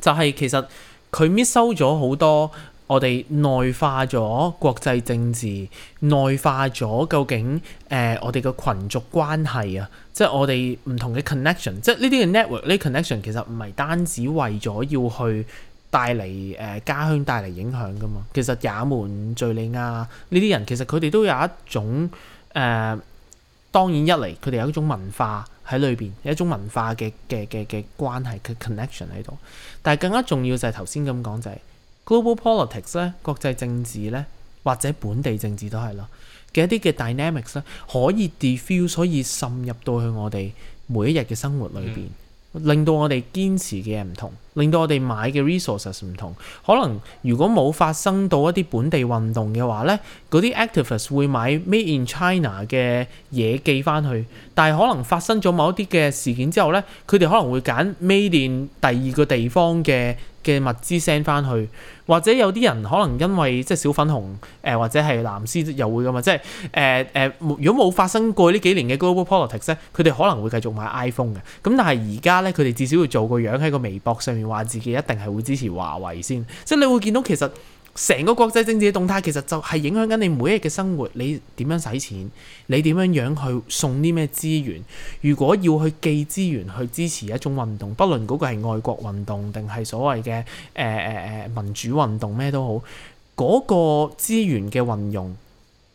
就係、是、其實，佢 miss out 咗好多我哋內化咗國際政治，內化咗究竟誒、呃、我哋嘅群族關係啊，即係我哋唔同嘅 connection，即係呢啲嘅 network 呢 connection 其實唔係單止為咗要去帶嚟誒、呃、家鄉帶嚟影響噶嘛。其實也門、敘利亞呢啲人其實佢哋都有一種誒、呃、當然一嚟佢哋有一種文化。喺裏邊有一種文化嘅嘅嘅嘅關係嘅 connection 喺度，但係更加重要就係、是、頭先咁講就係 global politics 咧，國際政治咧，或者本地政治都係啦，嘅一啲嘅 dynamics 咧，可以 diffuse，可以滲入到去我哋每一日嘅生活裏邊，嗯、令到我哋堅持嘅嘢唔同。令到我哋買嘅 resources 唔同，可能如果冇發生到一啲本地運動嘅話咧，啲 activist 會買 made in China 嘅嘢寄翻去，但係可能發生咗某一啲嘅事件之後咧，佢哋可能會揀 made in 第二個地方嘅嘅物資 send 翻去，或者有啲人可能因為即係小粉紅誒、呃、或者係藍絲又會咁啊，即係誒誒如果冇發生過呢幾年嘅 global politics 咧，佢哋可能會繼續買 iPhone 嘅，咁但係而家咧，佢哋至少要做個樣，喺個微博上。話自己一定係會支持華為先，即係你會見到其實成個國際政治嘅動態，其實就係影響緊你每一日嘅生活，你點樣使錢，你點樣樣去送啲咩資源？如果要去寄資源去支持一種運動，不論嗰個係愛國運動定係所謂嘅誒誒誒民主運動咩都好，嗰個資源嘅運用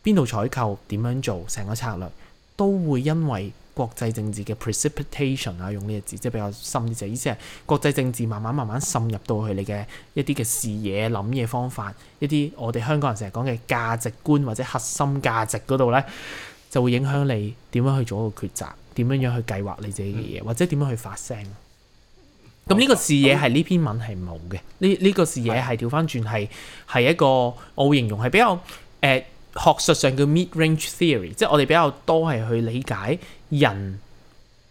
邊度採購，點樣做成個策略，都會因為。國際政治嘅 precipitation 啊，用呢個字即係比較深啲，就意思係國際政治慢慢慢慢滲入到去你嘅一啲嘅視野、諗嘢方法，一啲我哋香港人成日講嘅價值觀或者核心價值嗰度咧，就會影響你點樣去做一個抉擇，點樣樣去計劃你自己嘅嘢，或者點樣去發聲。咁呢、嗯、個視野係呢、嗯、篇文係冇嘅，呢呢、呢個視野係調翻轉係係一個我形容係比較誒。呃學術上叫 mid-range theory，即係我哋比較多係去理解人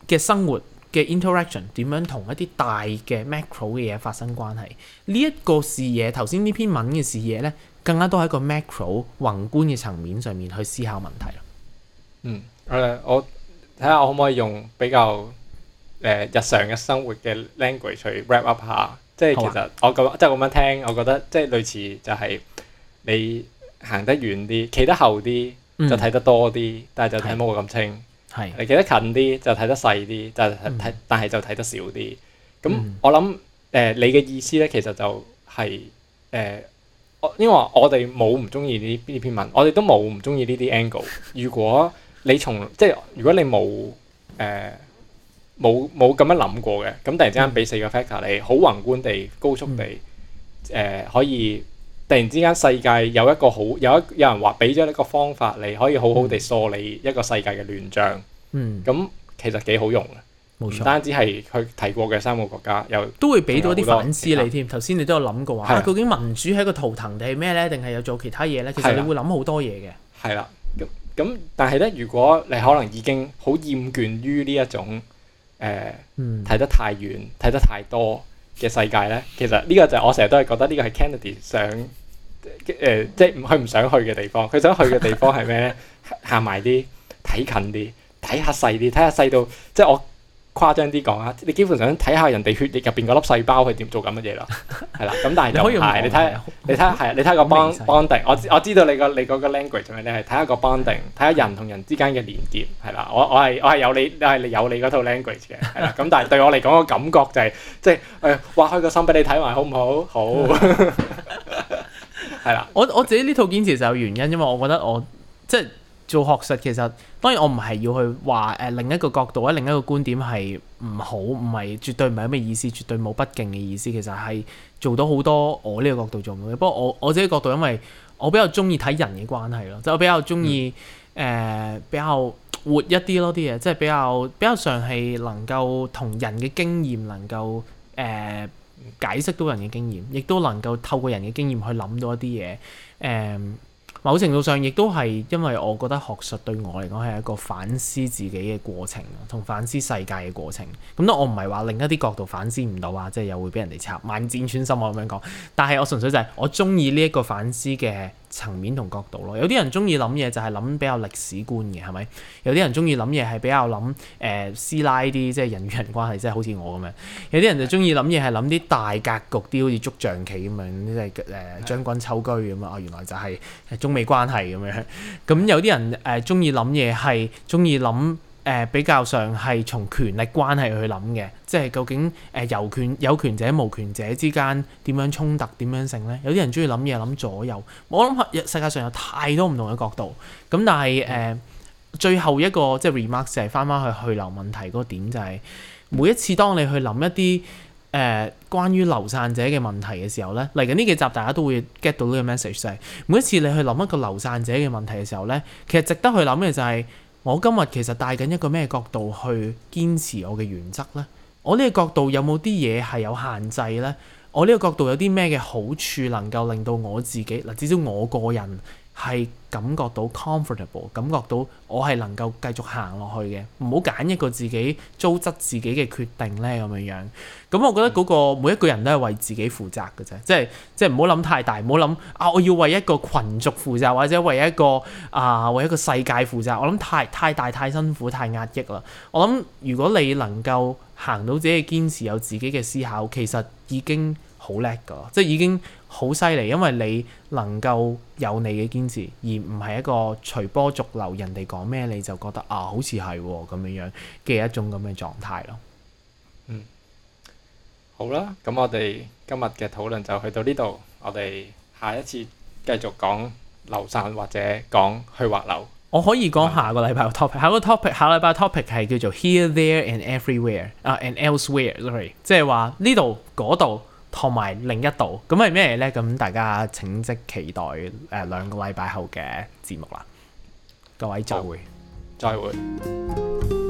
嘅生活嘅 interaction 點樣同一啲大嘅 macro 嘅嘢發生關係。呢、這、一個視野，頭先呢篇文嘅視野咧，更加多喺個 macro 宏觀嘅層面上面去思考問題啦。嗯，誒，我睇下我可唔可以用比較誒、呃、日常嘅生活嘅 language 去 wrap up 下？即係吧其實我覺得即係咁樣聽，我覺得即係、就是、類似就係你。行得遠啲，企得後啲、嗯、就睇得多啲，但係就睇冇咁清。係你企得近啲就睇得細啲，就嗯、但係睇但係就睇得少啲。咁、嗯、我諗誒、呃、你嘅意思咧，其實就係、是、誒、呃、因為我哋冇唔中意呢呢篇文，我哋都冇唔中意呢啲 angle。如果你從即係如果你冇誒冇冇咁樣諗過嘅，咁突然之間俾四個 factor 你好宏觀地高速地誒、嗯呃、可以。突然之間，世界有一個好有一有人話俾咗一個方法你，你可以好好地梳理一個世界嘅亂象。嗯，咁其實幾好用嘅，冇錯。唔單止係佢提過嘅三個國家，又都會俾到啲反思你添。頭先的你都有諗過話的、啊，究竟民主係個圖騰定係咩咧？定係有做其他嘢咧？其實你會諗好多嘢嘅。係啦，咁咁，但係咧，如果你可能已經好厭倦於呢一種誒睇、呃嗯、得太遠、睇得太多嘅世界咧，其實呢個就我成日都係覺得呢個係 Kennedy 想。誒、呃，即係唔去唔想去嘅地方，佢想去嘅地方係咩咧？行埋啲，睇近啲，睇下細啲，睇下細到，即係我誇張啲講啊！你基本上睇下人哋血液入邊嗰粒細胞係點做緊嘅嘢啦，係啦。 咁但係又係，你睇下，你睇下係，你睇個 bonding 我我知道你、你個你嗰個 language，同埋你係睇下個 bonding 睇下人同人之間嘅連接係啦。我我係我係有你，你係有你嗰套 language 嘅，係啦。咁但係對我嚟講個感覺就係、是，即係誒，挖、呃、開個心俾你睇埋，好唔好？好。好 係啦，我我自己呢套堅持就有原因，因為我覺得我即係做學術，其實當然我唔係要去話誒、呃、另一個角度或者另一個觀點係唔好，唔係絕對唔係咩意思，絕對冇不敬嘅意思。其實係做到好多我呢個角度做唔到嘅。不過我我自己角度，因為我比較中意睇人嘅關係咯，就比較中意誒比較活一啲咯啲嘢，即係比較比較上係能夠同人嘅經驗能夠誒。呃解釋到人嘅經驗，亦都能夠透過人嘅經驗去諗到一啲嘢。誒、嗯，某程度上亦都係因為我覺得學術對我嚟講係一個反思自己嘅過程，同反思世界嘅過程。咁咧，我唔係話另一啲角度反思唔到啊，即係又會俾人哋插萬箭穿心，我咁樣講。但係我純粹就係我中意呢一個反思嘅層面同角度咯，有啲人中意諗嘢就係諗比較歷史觀嘅，係咪？有啲人中意諗嘢係比較諗誒師奶啲，即係人與人關係，即係好似我咁樣。有啲人就中意諗嘢係諗啲大格局啲，好似捉象棋咁樣，即係誒、呃、將軍抽車咁啊！原來就係中美關係咁樣。咁有啲人誒中意諗嘢係中意諗。呃誒、呃、比較上係從權力關係去諗嘅，即係究竟誒有、呃、權有權者無權者之間點樣衝突點樣成呢？有啲人中意諗嘢諗左右，我諗世界上有太多唔同嘅角度。咁但係誒、呃嗯、最後一個即係 remark 就係返返去去留問題嗰個點、就是，就係每一次當你去諗一啲誒、呃、關於流散者嘅問題嘅時候呢，嚟緊呢幾集大家都會 get 到呢個 message 就係、是、每一次你去諗一個流散者嘅問題嘅時候呢，其實值得去諗嘅就係、是。我今日其實帶緊一個咩角度去堅持我嘅原則呢？我呢個角度有冇啲嘢係有限制呢？我呢個角度有啲咩嘅好處能夠令到我自己嗱，至少我個人，係感覺到 comfortable，感覺到我係能夠繼續行落去嘅，唔好揀一個自己糟質自己嘅決定呢。咁樣樣。咁我覺得嗰個每一個人都係為自己負責嘅啫，即係即係唔好諗太大，唔好諗啊！我要為一個群族負責，或者為一個啊、呃、為一個世界負責，我諗太太大太辛苦太壓抑啦。我諗如果你能夠行到自己嘅堅持，有自己嘅思考，其實已經好叻㗎，即係已經。好犀利，因為你能夠有你嘅堅持，而唔係一個隨波逐流，人哋講咩你就覺得啊，好似係咁樣樣嘅一種咁嘅狀態咯。嗯，好啦，咁我哋今日嘅討論就去到呢度，我哋下一次繼續講流散或者講去滑流。我可以講下個禮拜嘅 topic，下個 topic 下個禮拜嘅 topic 係叫做 here there and everywhere 啊、uh，and elsewhere sorry，即係話呢度嗰度。同埋另一度，咁係咩呢？咁大家請即期待誒、呃、兩個禮拜後嘅節目啦！各位再會，再會。